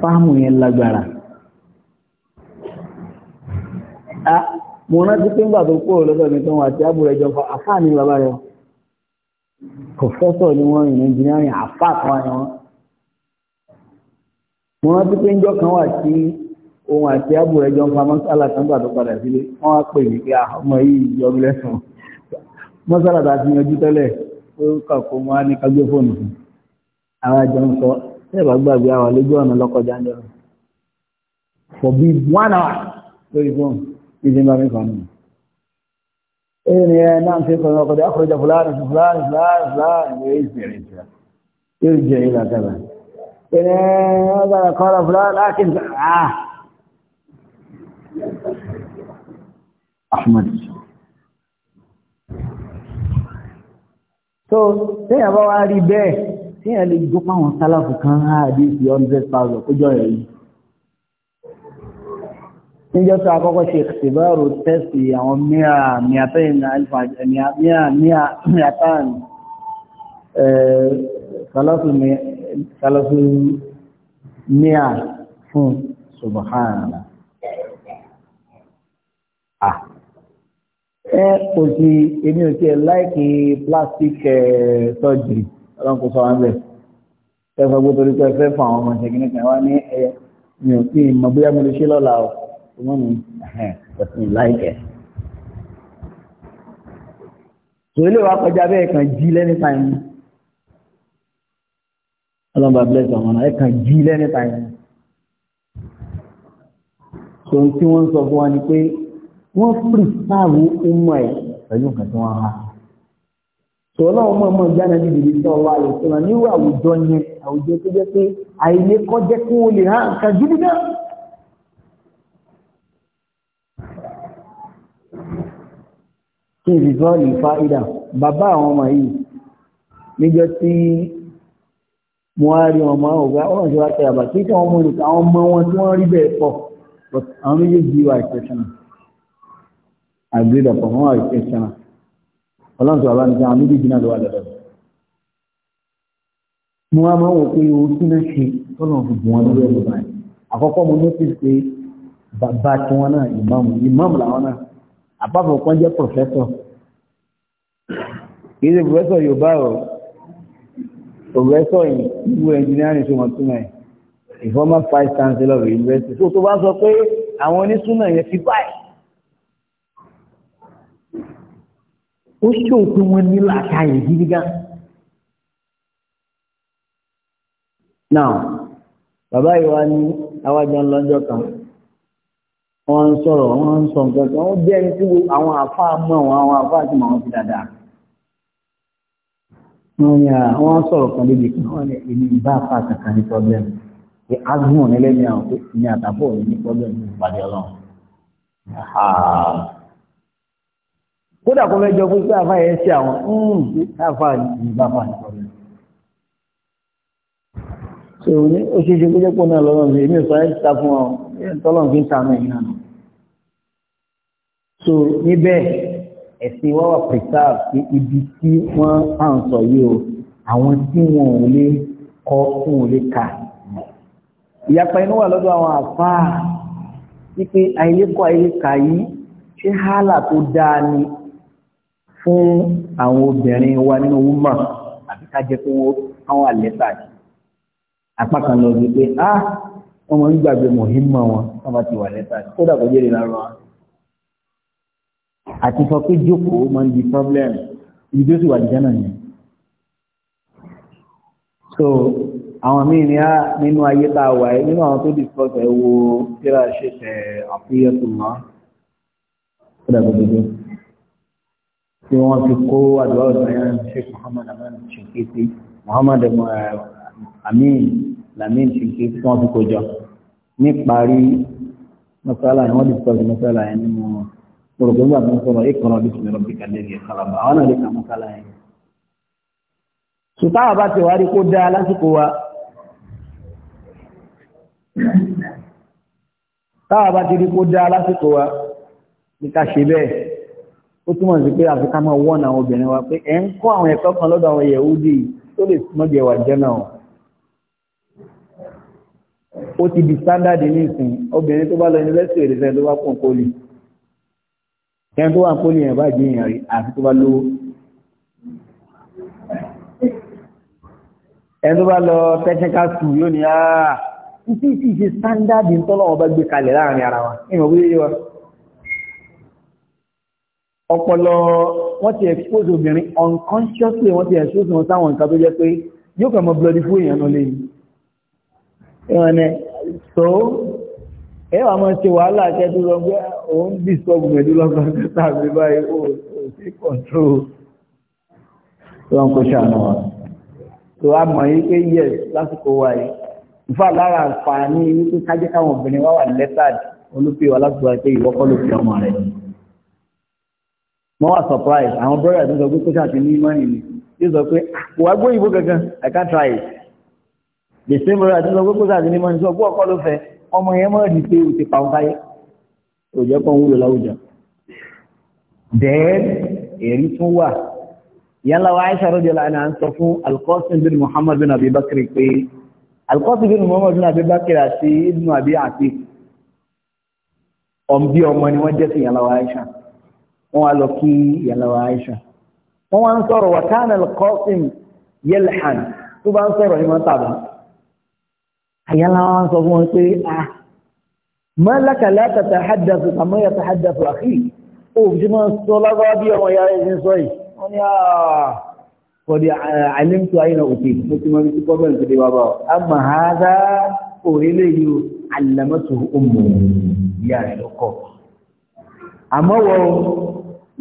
fáàmù yẹn lágbára a mo rántí pé ńgbà tó kúrò lọ́dọ̀ mi tó wọn àti àbúrò ẹjọ́ àfáà ní bàbá rẹ̀ pòfẹ́sọ̀ ni wọ́n ìrìn engineering àfáà kan ni wọ́n mo rántí pé ńjọ́ kan wà tí òun àti àbúrò ẹjọ́ fa mọ́sálà kan gbà tó padà sílé wọ́n wá pè mí pé ah, ọmọ yìí yọ mí lẹ́sùn mọ́sálà tá a ti yanjú tẹ́lẹ̀ ó kà kó mo á ní ká gbé fóònù fún àwọn àjọ ń sọ tẹ́ẹ̀ bá gbàgbé àwọn àlejò ọ̀nà lọ́kọjá ń jọ ìdí bá mi kàn mí. Èyí ni ẹ náà ṣe sọ̀rọ̀ ọkọ̀ dákọ̀ ìjà fúláàrì fúláàrì fúláàrì fúláàrì ní ìṣẹ̀rẹ̀ ìṣẹ̀rẹ̀. Yóò jẹ́ ìlà tẹ́lẹ̀. Èyí wọ́n gbára kọ́ ọ̀rọ̀ fúláàrì láti ń sọ̀rọ̀. Ah! Ahmed. So, téèyàn bá wá rí bẹ́ẹ̀, téèyàn lè jópa àwọn sálàfù kan á dé sí hundred thousand kójọ́ yẹn yìí níjọ́ tó akọ́kọ́ ṣe ìbáàrò tẹ́sì àwọn mìíà mìàtẹ́yìn mìà mìà mìàtàn kalafu mìà fún subhana ah ẹ kò sí èmi ò tiẹ̀ láìkì plastic surgery ọlọ́nkò sọ wọn bẹ̀ ẹ sọ gbọ́dọ̀ torí pé ẹ fẹ́ fún àwọn ọmọ ṣẹ́gi nípa ẹ ní ẹ mi ò tí ì mọ̀ bóyá mo lè ṣe lọ́la o wọ́n ní ẹ̀sìn láìkẹ́. tò ilé wa kọjá bẹ́ẹ̀ kàn jí lẹ́ni táìmù ọlọ́mọba bless ọmọ náà ẹ̀ kàn jí lẹ́ni táìmù. tó tí wọ́n sọ fún wa ni pé wọ́n pírísàrù ọmọ ẹ̀ pẹ̀lú nǹkan tí wọ́n wá. tò ọlọ́run mọ̀ mọ̀ ìgbà náà dìbò sọ wa lè sọ̀rọ̀ nírú àwùjọ yẹn àwùjọ tó jẹ́ pé àìlè kọjá kó o lè hàn kàn gidi náà. kí n sì sọ ìfáìdà bàbá àwọn ọmọ yìí níjọ́ tí mo wá rí ọmọ ọ̀gá ọ̀rọ̀ ṣe wá tẹ àbá kí kí àwọn ọmọ nìkan àwọn ọmọ wọn tí wọ́n rí bẹ́ẹ̀ pọ̀ but àwọn méjèèjì wà exceptional agreed upon wọn wà exceptional ọlọ́run sọ àbá nìkan mo wá kí ṣe tọ́nà fi bù náà ìmáàmù ìmáàmù làwọn náà àpapọ̀ kan jẹ́ pòfẹ́sọ̀ kìí ṣe pòfẹ́sọ̀ Yorùbá o pòfẹ́sọ̀ ìlú ẹnjìnírìn tó mọ̀ túmọ̀ ẹ̀ ìfọ́mà five chancellor of university tó tó bá sọ pé àwọn onísúnà yẹn fi báyìí ó ṣòwò pé wọ́n ní làákàyè gidi gan. now bàbá yìí wá ní awájọ ńlọ́jọ́ kan wọ́n ń sọ̀rọ̀ wọ́n ń sọ nǹkan kan ó jẹ́ ní tí àwọn àfa mọ̀ wọn àwọn àfa àti màwọn fi dáadáa. wọ́n ní àwọn ah, sọ̀rọ̀ kan débi kan wọ́n ní èmi ìbá àfa kankan ní problem pé agbọ̀n nílẹ́ni àwọn pé èmi àtàbọ̀ mi ní problem ní ìpàdé ọlọ́run. kódà kó mẹ́jọ pé pé àfa yẹn ṣe àwọn hmm, àfa ní problem. ṣé o ní o ṣe ṣe kó jẹ́ pé ó náà lọ́wọ́ mi so níbẹ̀ ẹ̀sìn wa wà preserve pé ibi tí wọ́n à ń sọ yìí o àwọn tí wọn ò lè kọ́ fún ò lè kà ìyapa inú wà lọ́dọ̀ àwọn àfáà wípé àìlékọ́ àìlékà yìí ṣé hálà tó dáa ni fún àwọn obìnrin wa nínú wúmà àbí ká jẹ́ pé wọ́n wà lẹ́tà apá kan lọ sí pé ah wọ́n máa ń gbàgbé mọ̀hímà wọn wọ́n bá ti wà lẹ́tà kódà kò jẹ́ ìlànà wọn àti sọ pé jókòó máa ń di problem ibi tó sì wà ní jẹ́nà yẹn. so àwọn míì ní nínú ayé tá a wà yìí nínú àwọn tó discuss ẹ wo kíra ṣe tẹ àfihàn tó mọ́ ó dàgbà dodo tí wọ́n fi kó àdúrà ọ̀sán yẹn Muhammad Amin Shinkiti Muhammad eh, Amin Lamin Shinkiti tí wọ́n fi kó jọ níparí mọ́sálà yẹn wọ́n discuss mọ́sálà yẹn nínú. Kòròkó nígbà tó ń sọ̀rọ̀ ìkọ̀rọ̀ bí sinmi rọ̀bì kàlẹ́ ní ìkọlọ́bà àwọn apa lè kà mọ́ kálá yẹn. Sùtáwà bá ti wá rí kó dáa lásìkò wa. Táwà bá ti rí kó dáa lásìkò wa ní ká ṣe bẹ́ẹ̀. Ó túmọ̀ sí pé àfi ká máa wọ́n àwọn obìnrin wa pé ẹ̀ ti di standard nísìnyí obìnrin tó bá lọ yunifásitì èdè fẹ́ ló bá pọ̀ kólì ẹni tó wà kó lè yẹn bá jẹ èèyàn rí àfi tó bá lówó ẹni tó bá lọ technical school yóò ní àá ah, títí tí ṣe standard ntọ́lọ́wọ́ bá gbé kalẹ̀ láàrin ara wa ìmọ̀ bóyá yé wa ọpọlọ wọn ti expose obìnrin unconsciously wọn ti expose wọn sáwọn nǹkan tó jẹ pé yóò kàn mọ bloody fún èèyàn náà lẹ́yìn ìwọn ni so ẹ wà máa ṣe wàhálà kẹ́tù lọ pé òun disturb pẹ̀lú lọ́gbà tàbí báyìí ó sí control lọ́n kó ṣàánú wa tó a mọ̀ yìí pé yes lásìkò wa yìí ìfà lára àǹfààní wípé kájẹ́ káwọn obìnrin wá wà lẹ́tàd olùpẹ̀ wà lásìkò wa pé ìwọ́kọ́ ló fi ọmọ rẹ̀ wọ́n wà surprise àwọn brother tó sọ pé kó ṣàtì ní mọ́nì ni yóò sọ pé ah, kò gbóyìnbó gangan I can't try it the same brother tó sọ pé kó ṣàtì ní mọ́nì sọ pé ọkọ ló fẹ́ ọmọ yẹn mọ̀ ní pé o ti pa ọba yẹ kò jẹ́ kó ń wúlò láwùjọ. bẹ́ẹ̀ èrí tún wà yálà wa Aisha radiyallahu anha ń sọ fún Al-Qasim bin Muhammad bin Abi Bakr pé Al-Qasim bin Muhammad bin Abi Bakr àti Ibn Abi Atiq ọ̀bí ọmọ ni wọ́n jẹ́ sí yàrá wa Aisha wọ́n wá lọ kí yàrá wa Aisha wọ́n wá ń sọ̀rọ̀ wa kana Al-Qasim tó bá ń sọ̀rọ̀ ni wọ́n àyà làwọn wọn sọ fún wọn pé a mọ́lákàlá tàtà hádàfù àmọ́ yàtà hádàfù àkì òbí máa ń sọ lágbára bí ọmọ ìyá rẹ̀ ṣe ń sọ yìí wọ́n ní àà kọ̀dí àìlẹ́mtò àyìnà òkè mo ti máa fi tí pọ́bẹ̀lì tó dé wá bá ọ àmà hádà òrèlè yìí àlàmọ́tò ọmọ ìyá rẹ̀ lọ́kọ̀ àmọ́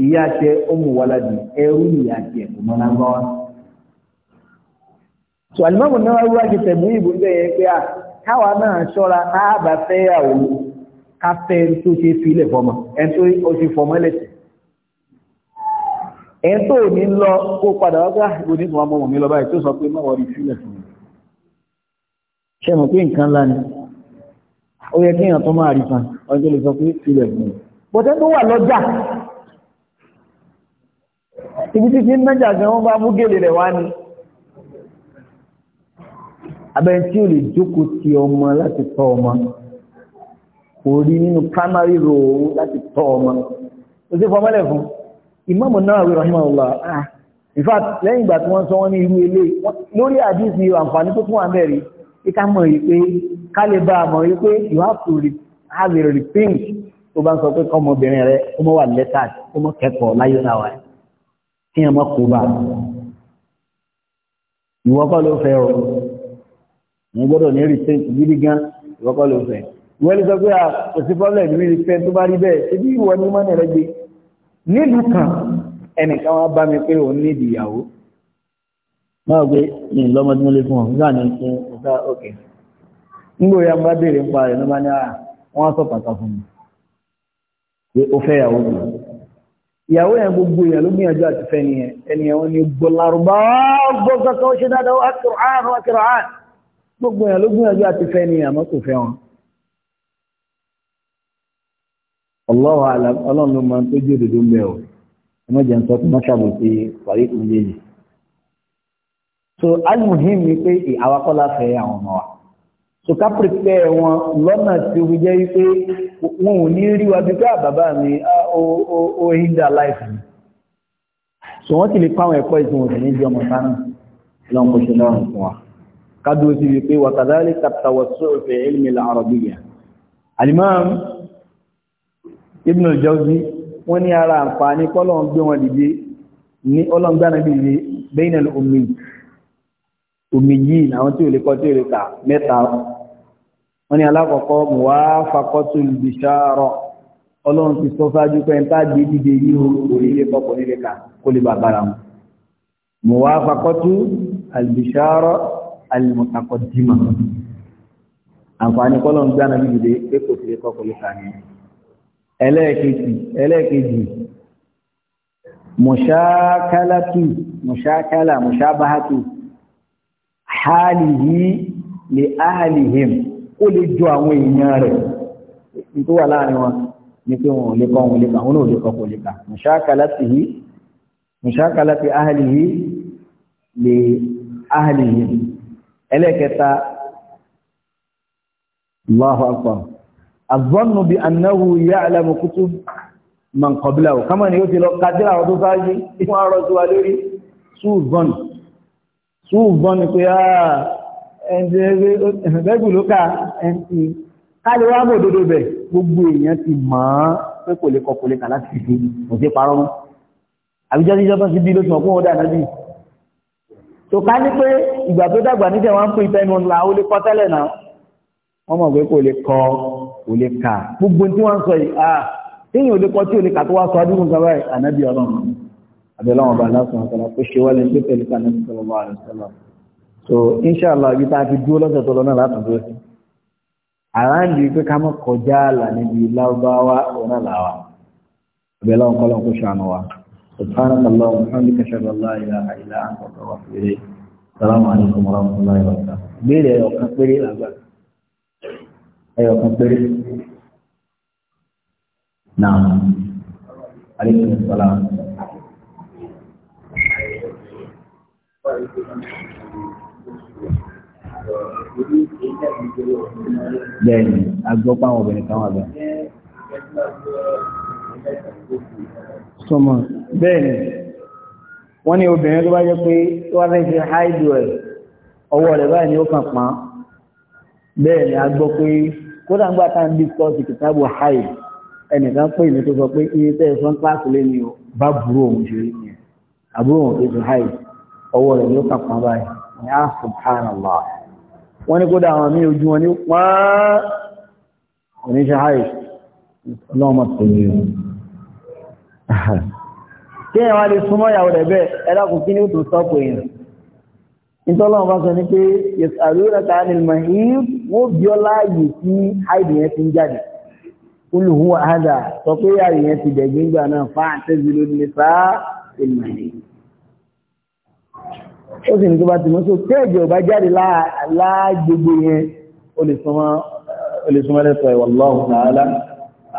ìyá tẹ ọmọ wàlàdì ẹrú ìyá tẹ kò mọ́ lágbára so alimami náà wá ju tẹ̀mú ìbò bẹ́ẹ̀ yẹn pé à káwa náà ṣọ́ra káàbà fẹ́yàwó ká fẹ́ tó ṣe filẹ̀ fọmọ ẹni tó o ti fọmọ lẹ́sẹ̀ ẹni tó ní lọ kó padà wá pé àìbò ní fún ọmọ mi lọ báyìí tó sọ pé má wọ́n rí filẹ̀ fún mi ṣe mọ̀ pé nǹkan ńlá ó yẹ kí èèyàn tó máa rí fan ọjọ́ lè sọ pé filẹ̀ fún mi bọ́tẹ́ tó wà lọ́jà ibi títí nájà gan wọ́n bá mú gèlè rẹ̀ wá ni abẹ́rẹ́ tí ò lè jókòó ti ọmọ láti tọ́ ọmọ kò nínú primary role láti tọ́ ọmọ ó sì fọmọ́lẹ̀ fún Imam Nawawi rahimahullah ah in fact lẹ́yìn ìgbà tí wọ́n sọ wọ́n ní irú ilé lórí àdísì àǹfààní tó tún wà mẹ́rin kíká mọ̀ yìí pé ká lè bá a mọ̀ yìí pé you have to have a rethink tó bá ń sọ pé kọ́mọbìnrin rẹ ó mọ̀ wà lẹ́tà ó mọ̀ kẹ́kọ̀ọ́ láyé náà wáyé kí ẹ̀ kó bá ìwọ́kọ́ ló fẹ́ wọ́n gbọ́dọ̀ ní respect gidi gan ìwọ́kọ́ ló fẹ́ wọ́n lè sọ pé à ah, kò sí problem ní respect tó bá rí bẹ́ẹ̀ ṣe bí ìwọ ní mọ́nà rẹ gbé nílùú kan ẹnìkan wá bá mi pé òun ní ìdìyàwó máa gbé ní ìlọ́mọdé mọ́lé fún ọ nígbà ní ṣe ọ̀sá òkè nígbò ya bá béèrè nípa rẹ̀ ló bá ní àà ah, wọ́n á sọ pàtàkì fún mi pé ó fẹ́ ìyàwó kan ìyàwó yẹn gbogbo èèyàn ló gbìyànjú àti fẹ́ nìyẹn ẹnìyàn wọn ni gbọ́lárùbá gbọ́gbọ́gbọ́ ṣe dáadáa akẹ́rọ̀ àárọ̀ akẹ́rọ̀ àárọ̀ gbogbo èèyàn ló gbìyànjú àti fẹ́ ni àmọ́ kò fẹ́ wọn Allahu alam ọlọ́run ló máa ń tójú òdòdó mẹ́ o ẹmọ́ jẹ́ ń sọ fún mọ́ṣàbò sí parí kò méjèèjì so alimuhim ni pé àwakọ́lá fẹ́ àwọn ọmọ wa so ká prepare wọn lọ́nà tí ó fi jẹ́ wípé wọn ò ní rí wa bí pé àbàbà ah, mi ó ah, hinder life mi so wọ́n sì lè pa àwọn ẹ̀kọ́ ìsìn òsì ní bí ọmọ sáà náà lọ́nkọ́ṣe lọ́rùn fún wa kádùn sí wípé wàtàdálì kàtàwàsó fi ilmi al-arabiyya alimam ibn al-jawzi wọ́n ní ara àǹfààní kọ́lọ̀n gbé wọn dìde ní ọlọ́ngbàna bí i bainal ummi omi yìí àwọn tí ò lè kọ́ tí ò lè kà mẹ́ta wọ́n ní alákọ̀ọ́kọ́ muwafaqatul bishara ọlọ́run ti sọ sáájú pé ń tá gbé dìde yìí ó orílẹ̀ kọ́kọ́ nílẹ̀ kà kó lè bàbára mu muwafaqatul bishara alimutakọdima àǹfààní kọ́lọ̀ ń gbára nídìde pé kò sí kọ́kọ́lù kàní ẹlẹ́ẹ̀kejì ẹlẹ́ẹ̀kejì mùṣákálátù mùṣákálà mùṣábáhátù hálìhí lè áhàlìhìm ó lè jọ àwọn èèyàn rẹ̀ nítorí wà láàrin wọn ní pé wọn ò lè kọ́ wọn ò wọn ò lè kọ́ kò lè kà mùṣákálátù yìí mùṣákálátù áhàlìhí lè ẹlẹ́kẹta Allahu akbar azọ́nù bí annáhu ya'lamu kutub man qablahu kama ni ó ti lọ kájílá ọdún sáájú ìwọ̀n arọ́ tí wà lórí ṣùgbọ́n ṣùgbọ́n ni pé àà ah, ẹ̀ẹ́dẹ́gbù ló ká ẹ̀ǹtì káàlẹ̀ wá mọ̀ òdodo bẹ̀ gbogbo èèyàn ti mọ̀ ọ́n láti fi tó ká ní pé ìgbà tó dàgbà níjẹ̀ wọ́n ń pín ìtẹ́nu ńlá ó lè kọ́ tẹ́lẹ̀ náà wọ́n mọ̀ pé kò lè kọ́ kò lè kà gbogbo tí wọ́n ń sọ yìí ah téèyàn ò lè kọ́ tí ò lè kà tó wá sọ ọdún nǹkan báyìí ànábì ọlọ́run àbẹ̀lọ́wọ̀n bá lásán ọ̀sán kó ṣe wọlé tó tẹ̀lé ká ní sọ̀rọ̀ wà rẹ̀ so inṣàlá ibi tá a ti dúró lọ́sẹ̀ tó lọ náà láti dúró sí àráǹdì pé ká mọ̀ kọjá àlà níbi lábáwá ọ̀nà làwà àbẹ̀lọ́wọ̀n kọ́lọ́n kó ṣàánú wa. سبحانك اللهم وبحمدك اشهد ان لا اله الا انت استغفرك اليك السلام عليكم ورحمه الله وبركاته béèrè ẹyọ kan péré làgbà ẹyọ kan péré náà aleykum salaam. bẹ́ẹ̀ni agbọ́pọ̀ àwọn obìnrin kan wà bẹ́ẹ̀ sọmọ bẹ́ẹ̀ni wọ́n ní obìnrin tó bá jẹ́ pé tó wá fẹ́ ṣe háìdù ẹ̀ ọwọ́ rẹ̀ báyìí ni ó kàn pán bẹ́ẹ̀ni a gbọ́ pé kódà ń gbà tá ń discourse kìtàbù háì ẹnìkan pé ìlú tó sọ pé iye tẹ́ ẹ sọ́n kíláàsì lé ní o bá burú òun ṣe rí ni àbúrò òun tó ṣe háì ọwọ́ rẹ̀ ni ó kàn pán báyìí ni a ah, subhanallah wọ́n ní kódà àwọn míì ojú wọn ní wọ́n oníṣẹ́ háì lọ́mọ tó ní e. kí ẹ̀wà lè súnmọ́ ìyàwó rẹ̀ bẹ́ẹ̀ ẹ̀dàkùn kí ní òtò sọ́pù èèyàn ìtọ́lọ́wọ́ bá sọ ní pé àlúrẹ́ta nílùmọ̀ yìí wó bí ọ láàyè tí àìdì yẹn ti ń jáde olùhù àádà sọ pé àìdì yẹn ti dẹ̀gbẹ́ ìgbà náà fa àtẹ́sí ló ní sá ìlùmọ̀ yìí ó sì ní tó bá ti mú sọ pé ẹ̀jẹ̀ ò bá jáde láàgbègbè yẹn ó lè súnmọ́ lẹ́sọ̀ ìwà lọ́hùn àálà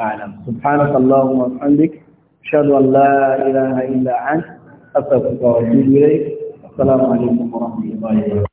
àlàm subhanahu wa ta'ala أشهد أن لا إله إلا أنت أستغفرك وأتوب إليك السلام عليكم ورحمة الله وبركاته